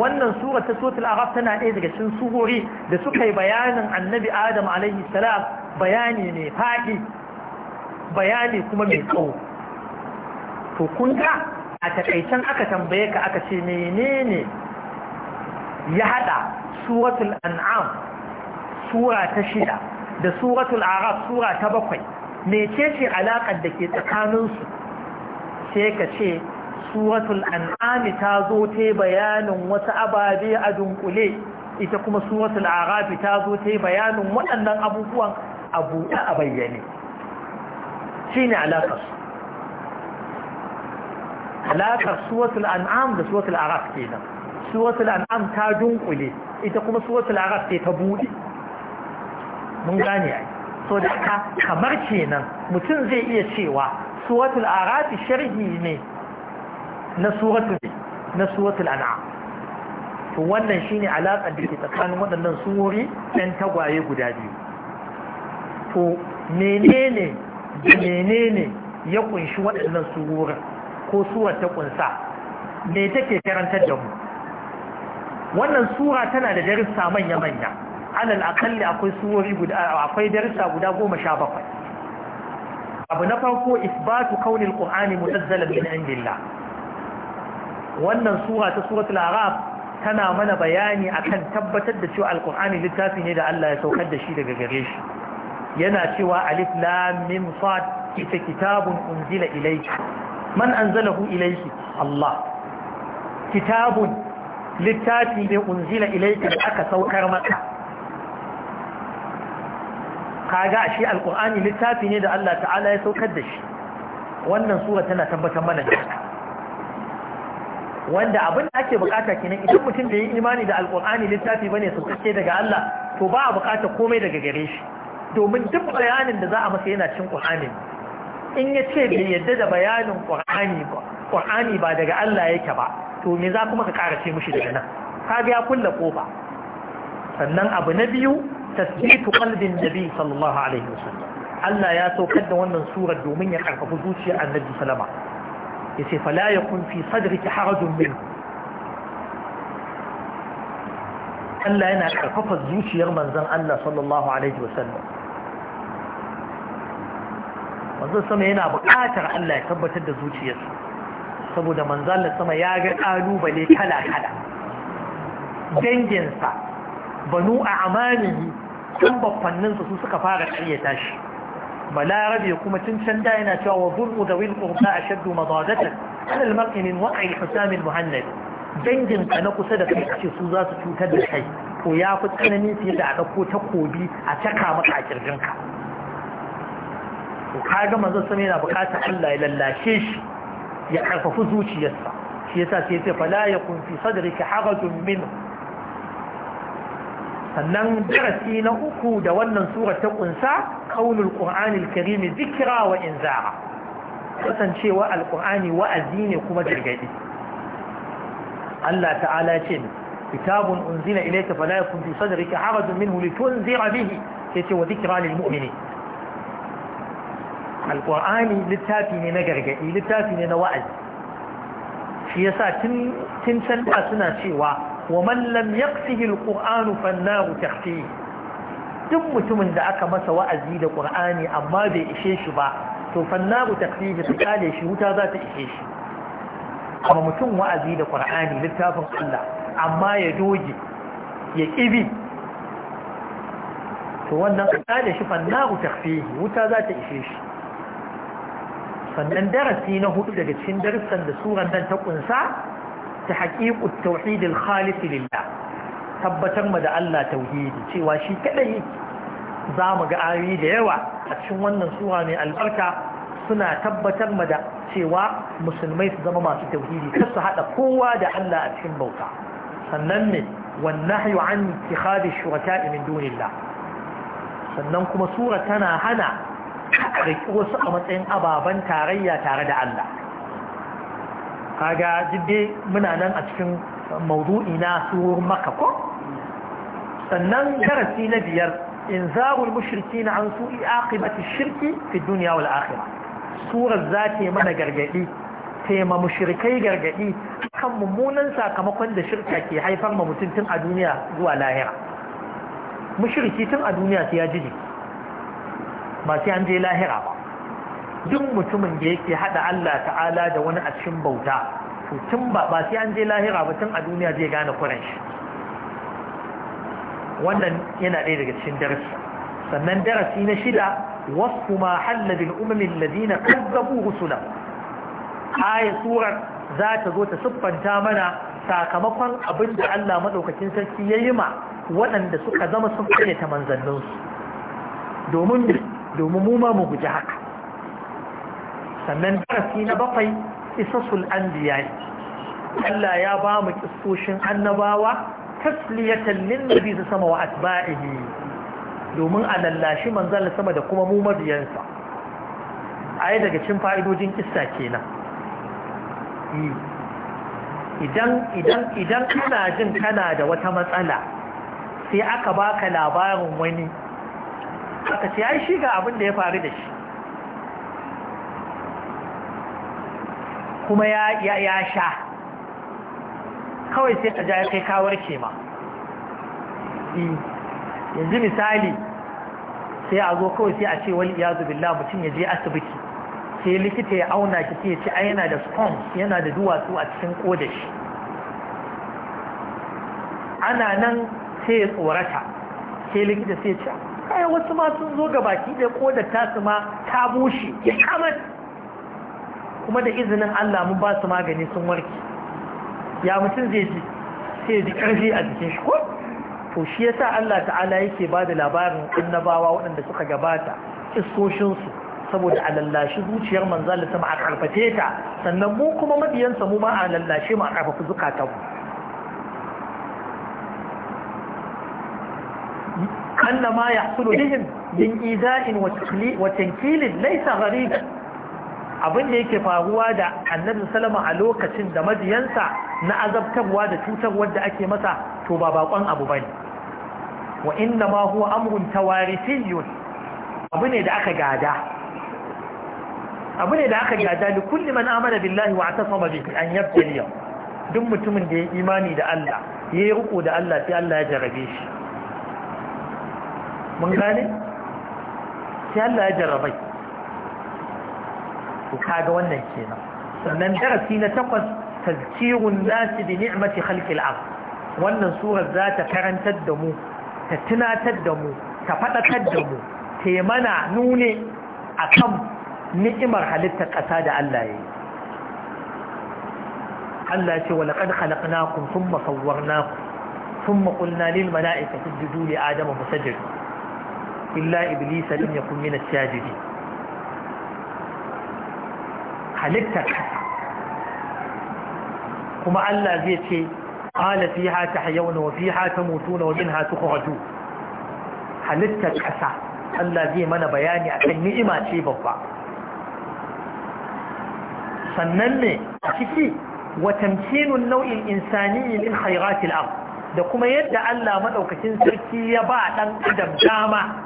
wannan sura ta sotul arab tana ɗaya daga cikin suhori da suka yi bayanin annabi adam alaihi salam bayani ne faɗi bayani kuma mai tsawo to kun ga a takaicen aka tambaye ka aka ce menene ya haɗa suratul an'am sura ta shida da suratul araf sura ta bakwai mecece alaƙar da ke tsakaninsu sai ka ce suratul an'ami ta zo ta bayanin wasu ababe a dunkule ita kuma suratul arafi ta zo ta bayanin waɗannan abubuwan a buɗe a bayyane shi ne alaƙarsu alaƙar suratul an'am da suratul arab kenan suratul an'am ta dunkule ita kuma suratul araf sai ta bude mun gane ai so da ka kamar kenan mutum zai iya cewa suratul araf sharhi ne na suratul na suratul an'am to wannan shine alaƙar da ke tsakanin waɗannan surori ɗan tagwaye guda biyu to menene menene ya kunshi waɗannan suwurin ko suwar ta kunsa me take karantar da mu wannan sura tana da darussa manya-manya alal akalli akwai suwori guda akwai darissa guda goma sha bakwai abu na farko isbatu kaunin qur'ani mutazzalan min indillah wannan sura ta suratul araf tana mana bayani akan tabbatar da cewa alqur'ani littafi ne da Allah ya saukar da shi daga gare shi yana cewa alif lam mim ita kitabun unzila ilayka man anzalahu ilayki Allah kitabun littafi ne unzila ilayka da aka saukar maka kaga shi alqur'ani littafi ne da Allah ta'ala ya saukar da shi wannan sura tana tabbatar mana da haka wanda abin da ake bukata kenan idan mutum da yi imani da alqur'ani littafi bane kace daga Allah to ba a bukata komai daga gare shi domin duk bayanin da za a masa yana cin qur'ani in ya ce bai yadda da bayanin qur'ani ba qur'ani ba daga Allah yake ba to me za kuma ka ƙara ce mushi daga nan ka ya kulle kofa sannan abu na biyu tasbitu qalbin nabi sallallahu alaihi wasallam Allah ya saukar da wannan surar domin ya karfafa zuciyar annabi sallama yace fala yakun fi sadrika harajun min Allah yana karfafa zuciyar manzon Allah sallallahu alaihi wasallam manzon sama yana buƙatar Allah ya tabbatar da zuciyarsa saboda da sama ya ga ƙalubale kala-kala danginsa banu a amanihi tun bafanninsa su suka fara ƙaryata shi balarabe kuma tun da yana cewa wa zurru da wil qurba ashaddu madadatan ala al-mar'i min wa'i al danginka na kusa da kai ce su za su cutar da kai Ko ya fi tsananin fiye da a ta takobi a caka maka a kirjinka Ko kaga manzan sama yana buƙatar Allah ya lallashe shi ya karfafi zuciyarsa shi yasa sai ce fala yakun harajun min sannan darasi na uku da wannan sura ta kunsa kaunul qur'anil karim zikira wa inzara kasancewa alqur'ani wa'azi ne kuma gargadi Allah ta'ala ce kitabun unzila ilayka fala yakun fi sadrika harajun minhu litunzira bihi ce wa zikra lil mu'minin alƙur'ani littafi ne na gargaɗi littafi ne na wa'azi shi yasa tun tun sanda suna cewa wa ya fi yaqsihi alqur'anu fannaru tahtihi duk mutumin da aka masa wa'azi da qur'ani amma bai ishe shi ba to fannahu tahtihi ta shi wuta za ta ishe shi amma mutum wa'azi da qur'ani littafin Allah amma ya doge ya kibi to wannan kale shi fannaru tahtihi wuta za ta ishe shi sannan darasi na hudu daga cikin darussan da suran nan ta kunsa ta haƙiƙu tauhidil khalif lillah tabbatar ma da Allah tauhidi cewa shi kadai za mu ga ayoyi da yawa a cikin wannan sura mai albarka suna tabbatar ma da cewa musulmai su zama masu tauhidi kar su hada kowa da Allah a cikin bauta sannan ne wan nahyu an ittikhadi shuraka min dunillah sannan kuma sura tana hana riƙi wasu a matsayin ababen tarayya tare da Allah kaga jide muna nan a cikin maudu'i na suwar maka ko sannan darasi na biyar in zarul mushriki na an su'i aqibati shirki fi duniya wal akhirah surar za ta mana gargadi tema mushrikai gargaɗi kan mummunan sakamakon da shirka ke haifar ma mutum tun a duniya zuwa lahira mushirki tun a duniya su ya jiji ba sai an je lahira ba duk mutumin da yake hada Allah ta'ala da wani a cikin bauta to tun ba ba sai an je lahira ba tun a duniya zai gane kuran shi wannan yana ɗaya daga cikin darasi sannan darasi na shida wasu ma halladin umamin ladina kazzabu rusula aya surar za ta zo ta siffanta mana sakamakon abin da Allah madaukakin sarki ya yi ma waɗanda suka zama sun ta manzanninsu domin domin mu ma mu guji haka sannan darasi na bakwai isasul biyayi Allah ya ba mu kissoshin annabawa tasliyatan lin nabi sama wa atba'ihi domin a lallashi manzon sama da kuma mu mabiyansa ai daga cikin fa'idojin kissa kenan hmm. idan idan idan kana jin kana da wata matsala sai aka baka labarin wani aka ce ai shi ga abin da ya faru da shi kuma ya sha kawai sai ka ja kai kawar ke ma eh, yanzu misali sai a zo kawai sai a ce wani iyazu billah mutum ya je asibiti sai likita ya auna ki sai ya ce ai yana da scones yana da duwatsu a cikin kodashi ana nan sai ya tsorata sai likita sai ya ce ai wasu ma sun zo ga baki da ko da tasu ma ta bushe ya kamar kuma da izinin Allah mun ba su magani sun warke ya mutum zai ji sai ji karfi a jikin shi ko to shi yasa Allah ta'ala yake ba da labarin annabawa waɗanda suka gabata su saboda a lallashi zuciyar manzalin sama a karfafe ta sannan mu kuma mabiyansa mu ma a lallashe mu a karfafa zukatanmu أن ما يحصل بهم من إيذاء وتنكيل ليس غريبا abin da yake faruwa da annabi salama a lokacin da majiyansa na azabtarwa da cutarwar da ake masa to ba bakon abu ba ne wa inda ma huwa amrun tawarisiyyun abu ne da aka gada abu ne da aka gada da kulli man amana billahi wa atasama bihi an yabtaliya duk mutumin da ya imani da Allah ya yi riko da Allah sai Allah ya jarabe shi mun gane sai Allah ya jarrabai ku kaga wannan kenan sannan darasi na takwas tazkirun nasi bi ni'mati khalqil ard wannan surar za ta karantar da mu ta tunatar da mu ta fadakar da mu ta mana nune akan ni'imar halittar ƙasa da Allah ya yi Allah ce walaƙad halaknakun sun masauwar naku, sun maƙulna lil mala'ika sun judu li adama musajir illa iblis lam yakun min as-sajidi halitta kuma Allah zai ce qala fiha tahyawna wa fiha tamutuna wa minha tukhraju halitta kasa Allah zai mana bayani akan ni'ima ce babba sannan ne a ciki wa tamkinun nau'in insani min khairatil ardh da kuma yadda Allah maɗaukacin sarki ya ba ɗan adam dama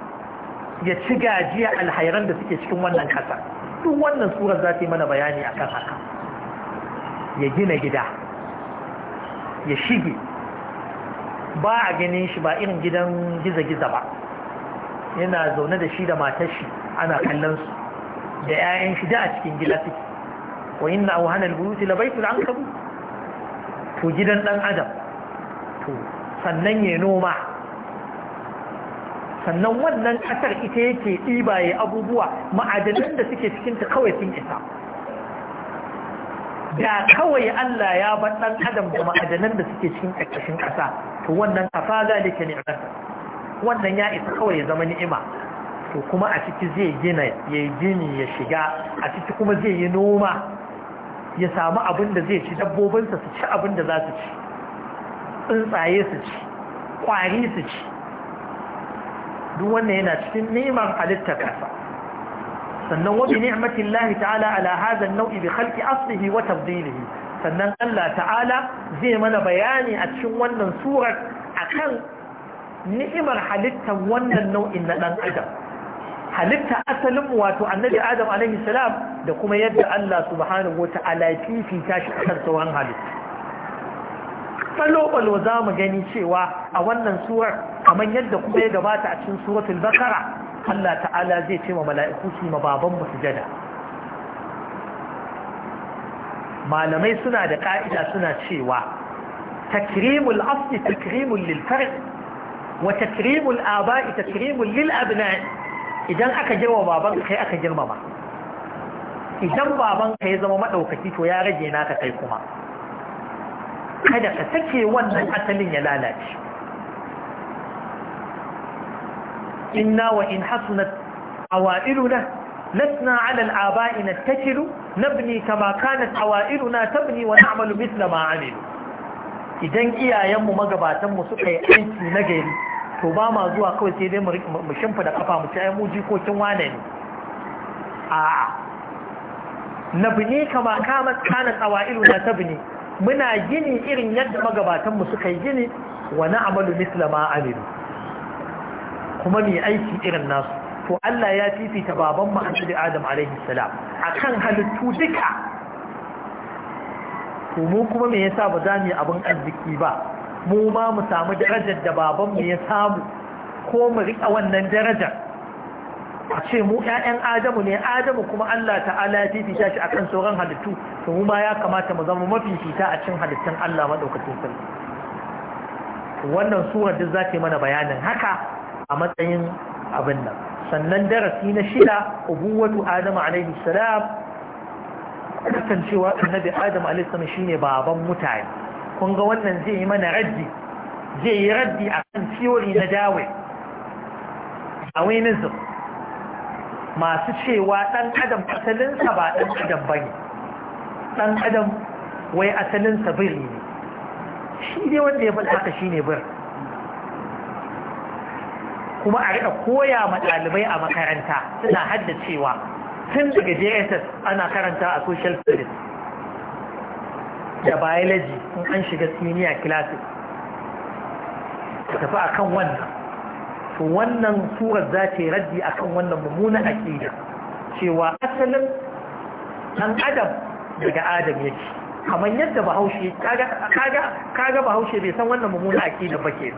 ya ci gajiya alhairan da suke cikin wannan kasa duk wannan surar za ta yi mana bayani akan haka ya gina gida ya shige ba a ganin shi ba irin gidan giza-giza ba yana zaune da shi da matar shi ana kallon su da 'ya'yan shi da a cikin gida suke wa inna auhana albuyuti labaitul ankabut to gidan dan adam to sannan ya noma sannan wannan ƙasar ita yake ɗibaye abubuwa ma'adanin da suke cikinta kawai sun isa da kawai Allah ya bar ɗan adam da ma'adanin da suke cikin ƙarƙashin ƙasa to wannan kafa za ke ni'imar wannan ya isa kawai ya zama ni'ima to kuma a ciki zai gina ya gini ya shiga a ciki kuma zai yi noma ya samu abin da zai ci dabbobinsa su ci abin da za su ci tsuntsaye su ci ƙwari su ci duk wannan yana cikin neman halittar kasa sannan wa bi ni'matillahi ta'ala ala hadha nau'i nawi bi khalqi aslihi wa sannan Allah ta'ala zai mana bayani a cikin wannan surar akan ni'imar halittar wannan nau'in na dan adam halitta asalin wato annabi adam alaihi salam da kuma yadda Allah subhanahu wa ta'ala ya ta shi akan sauran halitta balo-balo za mu gani cewa a wannan surar kamar yadda kuma ya gabata a cikin suratul bakara Allah ta'ala zai ce ma mala'iku su ma baban mu sujada malamai suna da ka'ida suna cewa takrimul asli takrimul lil fard wa takrimul aba'i takrimul lil abna idan aka girma baban kai aka girmama idan baban ka ya zama madaukaki to ya rage naka kai kuma kada ka take wannan asalin ya lalace inna wa in hasunat awailuna lasna ala al al'aba'i nattakilu nabni kama kanat awailuna tabni wa na'malu mithla ma amilu idan iyayenmu mu suka yi aiki na gari to ba ma zuwa kawai sai dai mu shimfa da kafa mu ci ai mu jikokin wane ne a nabni kama kanat awailuna tabni muna gini irin yadda magabatanmu suka yi gini wani na'amalu misla ma kuma mai aiki irin nasu to Allah ya fifita baban mu Adam alaihi salam akan halittu duka to mu kuma me yasa ba za mu abin arziki ba mu ma mu samu darajar da babanmu ya samu ko mu riƙa wannan darajar a ce mu ya'yan adamu ne adamu kuma Allah ta'ala ya fifita shi kan sauran halittu to mu ma ya kamata mu zama mafi mafifita a cin halittun Allah maɗaukacin sarki wannan surar duk za ta yi mana bayanin haka a matsayin abin nan sannan darasi na shida ubuwatu adamu alaihi salam annabi adamu alaihi salam shine baban mutane kun ga wannan zai yi mana raddi zai yi raddi akan theory na dawe a masu cewa ɗan adam asalinsa ba ɗan adam ba ne ɗan adam wai asalinsa biri ne shi dai wanda ya faɗa haka shi ne bir kuma a riƙa koya ma ɗalibai a makaranta suna hadda cewa tun daga jss ana karanta a social studies da biology in an shiga senior classes tafi akan wannan to wannan surar za ta yi raddi a kan wannan mummunan aƙida cewa asalin ɗan adam daga adam yake kamar yadda bahaushe kaga bahaushe bai san wannan mummunan aƙida ba ke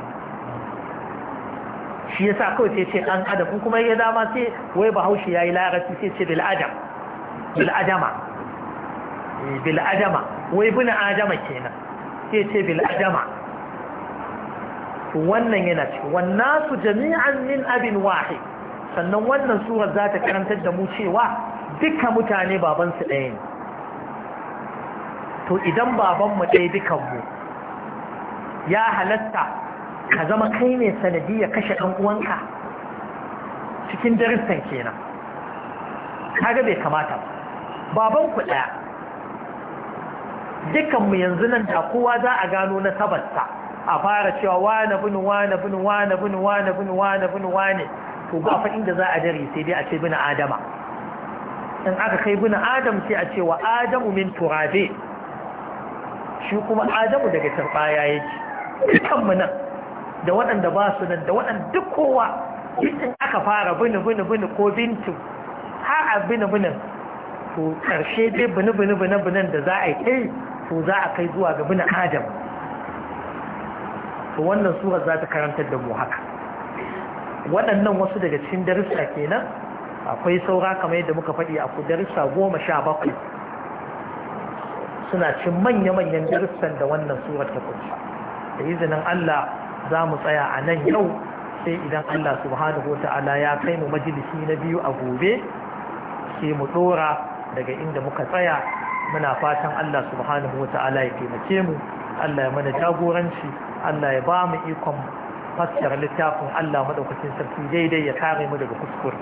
shi ya sa kawai sai ce ɗan adam in kuma ya dama sai wai bahaushe ya yi larasi sai ce bil'adama eh, bil'adama wai bina adama kenan sai ce bil'adama wannan yana ce wannan su jami'an min abin wahi sannan wannan surar za ta karantar da mu cewa duka mutane babansu ɗaya ne to idan babanmu ɗaya dukanmu ya halatta ka zama kai ne sanadiyar kashe ɗan uwanka cikin darussan kenan kaga bai kamata babanku ɗaya dukanmu yanzu nan da kowa za a gano na sabasta. a fara cewa wane bin wane bin wane bin wane bin wane bin wane to ba fa inda za a dare sai dai a ce bin adama in aka kai bin adam sai a ce wa adamu min turabe shi kuma adamu daga turbaya yake dukkanmu nan da waɗanda ba su nan da waɗanda duk kowa in aka fara bini bini bini ko bintu ha a bini binin to karshe dai bini bini bini binin da za a yi to za a kai zuwa ga binin adam to wannan surar za ta karantar da mu haka waɗannan wasu daga cikin darussa kenan akwai saura kamar yadda muka faɗi a darussa goma sha bakwai suna cin manya-manyan darussan da wannan surar ta kunshi da izinin Allah za mu tsaya a nan yau sai idan Allah subhanahu wa ta'ala ya kai mu majalisi na biyu a gobe sai mu ɗora daga inda muka tsaya muna fatan Allah subhanahu wa ta'ala ya taimake mu Allah ya mana jagoranci Allah ya ba mu ikon fassara littafin Allah maɗaukacin sarki daidai ya kare mu daga kuskure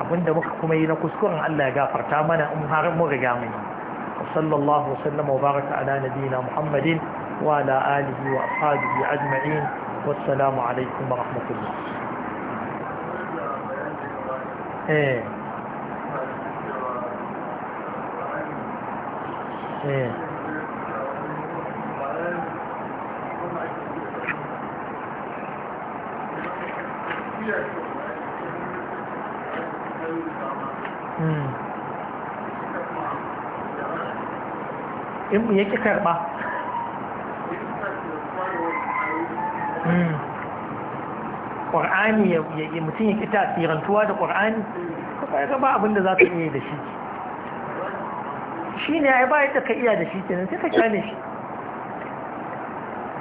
abinda muka kuma yi na kuskuren Allah ya gafarta mana in har mu riga mun sallallahu wasallam wa baraka ala nabiyina Muhammadin wa ala alihi wa ashabihi ajma'in wassalamu alaikum wa rahmatullah eh eh in mu yake karɓa ƙwar'ani hmm. ya mutum ya kita tsirantuwa da ƙwar'ani ka ba abinda za ka iya da shi shi ne ya ba yadda ka iya da shi kenan sai ka kyale shi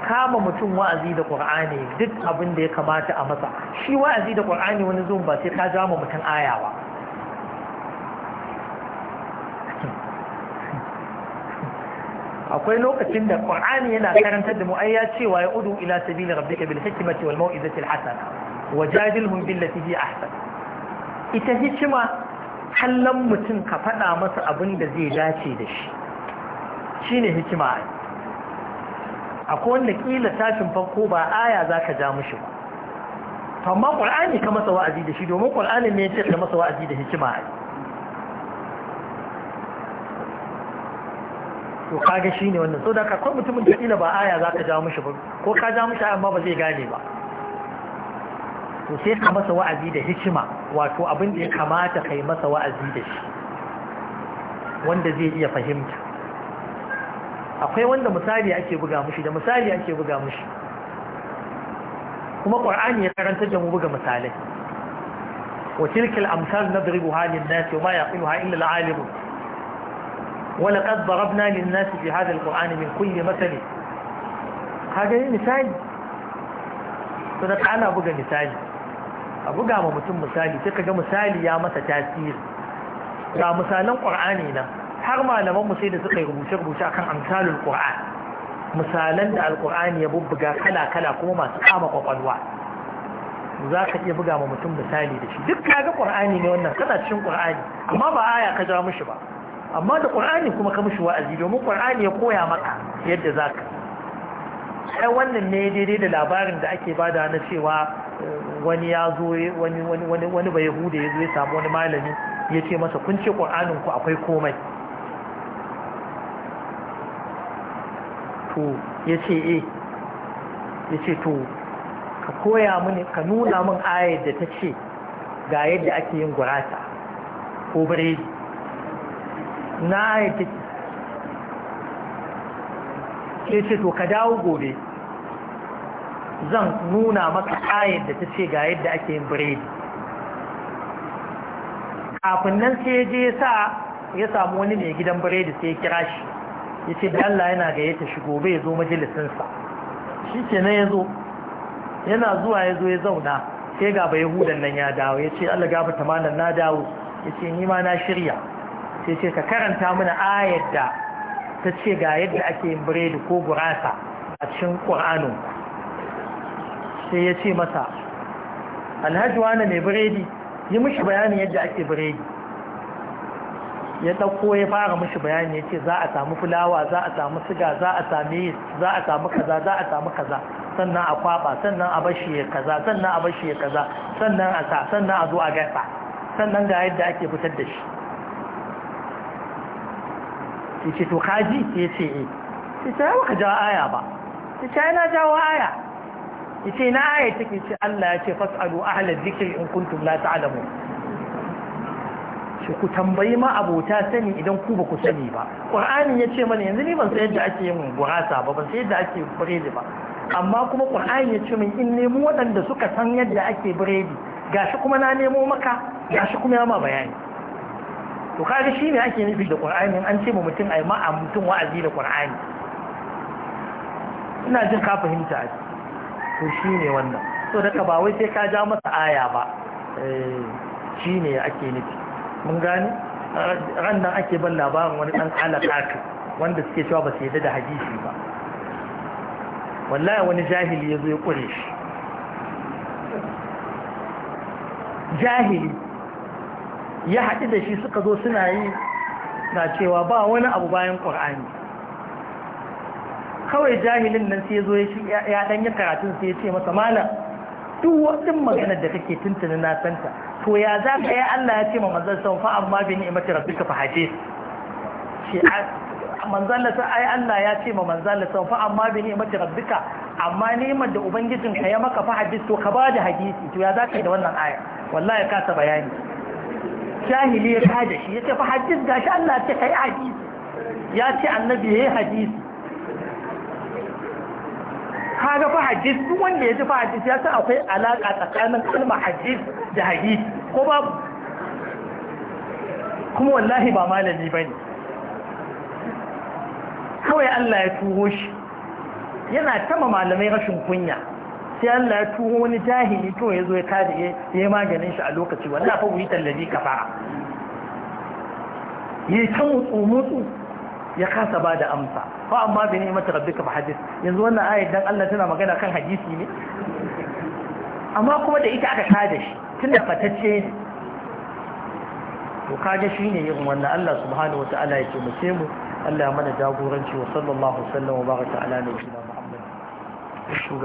kama mutum wa'azi da ƙwar'ani duk abinda ya kamata a masa shi wa'azi da ƙwar'ani wani zuwan ba sai ka jama mutum ayawa akwai lokacin da qur'ani yana karantar da mu ai ya cewa ya udu ila sabili rabbika bil hikmati wal mau'izati al hasana wajadilhum billati hi ahsan ita hikima kallon mutum ka faɗa masa abin da zai dace da shi shine hikima ai akwai wanda kila tashin farko ba aya zaka ja mushi ba amma qur'ani ka masa wa'azi da shi domin qur'ani ne ya ce ka masa wa'azi da hikima ai to kaga shine wannan so da ka kawai mutumin da kila ba aya za ka jawo mishi ba ko ka ja mishi amma ba zai gane ba to sai ka masa wa'azi da hikima wato abin da ya kamata ka yi masa wa'azi da shi wanda zai iya fahimta akwai wanda misali ake buga mushi da misali ake buga mushi kuma qur'ani ya karanta da mu buga misalai wa tilkal amsal nadribu halin nasi wa ma yaqiluha illa al-alimun ولقد ضربنا للناس في هذا القرآن من كل مثل هذا مثال فذلك أنا أبقى مثال أبقى ممتن مثالي تلقى مثالي يا متى تأثير ga misalan ƙwar'ani na har malaman mu sai da suka yi rubuce-rubuce akan amsalul ƙwar'an misalan da alƙwar'ani ya bubbuga kala-kala kuma masu kama ƙwaƙwalwa za ka iya buga ma mutum misali dashi. shi duk kaga ƙur'ani ne wannan kana cikin ƙwar'ani amma ba aya ka ja mishi ba amma da ƙur'ani kuma ka mishi wa'azi domin ƙur'ani ya koya maka yadda za ka ai wannan ne daidai da labarin da ake bada na cewa eh, wani ya zo wani bai hude ya zo ya samu wani malami ya ce masa kun ce ƙwar'anin ku akwai komai to ya ce e ya ce to ka koya mini ka nuna min ayar da ta ce ga yadda ake yin gurata ko biredi na aiki ke ce to ka dawo gobe zan nuna maka ayar da ta ce ga yadda ake yin biredi kafin nan sai ya je sa ya samu wani mai gidan biredi sai ya kira shi ya ce da Allah yana ga shi gobe ya zo majalisinsa shi ke nan ya zo yana zuwa ya zo ya zauna sai ga bai hudan nan ya dawo ya ce Allah gafata malam na dawo ya ce ni na shirya sai ce ka karanta mana ayar da ta ce ga yadda ake yin biredi ko gurasa a cikin ƙur'anin sai ya ce masa alhaji na mai biredi yi mishi bayanin yadda ake biredi ya ɗauko ya fara mishi bayanin ya ce za a samu fulawa za a samu siga za a sami za a samu kaza za a samu kaza sannan a kwaba sannan a bashi ya kaza sannan a bashi ya kaza sannan a sa sannan a zo a gasa sannan ga yadda ake fitar da shi yace to kaji sai yace eh sai ya waka jawa aya ba sai ta na jawo aya yace na aya take ce Allah yace fasalu ahla dhikri in kuntum la ta'lamu shi ku tambayi ma abota sani idan ku ba ku sani ba qur'ani yace mana yanzu ne ban san yadda ake yin gurasa ba ban san yadda ake biredi ba amma kuma qur'ani yace min in nemo waɗanda suka san yadda ake biredi gashi kuma na nemo maka gashi kuma ya ma bayani to kaga shine ake nufi da qur'ani an ce mu mutum ai ma a mutum wa'azi da qur'ani ina jin ka fahimta a to shine wannan to daga ba wai sai ka ja masa aya ba eh shine ake nufi mun gane ran nan ake ban labarin wani dan alaqatu wanda suke cewa ba su yadda da hadisi ba wallahi wani jahili ya zo ya kure shi jahili ya haɗu da shi suka zo suna yi na cewa ba wani abu bayan ƙorani kawai jahilin nan sai zo ya ɗan yi karatun sai ya ce masa mana duk waɗin maganar da kake tuntuni na santa to ya za ka yi Allah ya ce ma manzan san fa amma bi ni'imati rabbika fa haje shi manzan lasa ai Allah ya ce ma manzan lasa fa amma bi rabbi rabbika amma neman da ubangijin ka ya maka fa to ka ba da hadisi to ya za ka yi da wannan aya wallahi ka ta bayani jahili ya ka da shi ya ce fa hadis gashi Allah ce kai hadith, ya ce annabi yayi hadith. kaga fa hadis duk wanda ya ji fa hadis ya san akwai alaka tsakanin kalmar hadis da hadith ko babu kuma wallahi ba malami bane kawai Allah ya tuho shi yana tama malamai rashin kunya sai Allah ya tuho wani jahili to ya zo ya kare ya maganin shi a lokaci wallahi fa wuyi tallabi kafara yi ta mutsu mutsu ya kasa ba da amsa fa amma bi ni'mat rabbika fa hadith yanzu wannan ayat dan Allah tana magana kan hadisi ne amma kuma da ita aka kada shi tunda fatacce ne to shi ne yin wannan Allah subhanahu wataala ya ce mu ce mu Allah mana jagoranci wa sallallahu alaihi wa sallam wa baraka ala nabiyyina Muhammad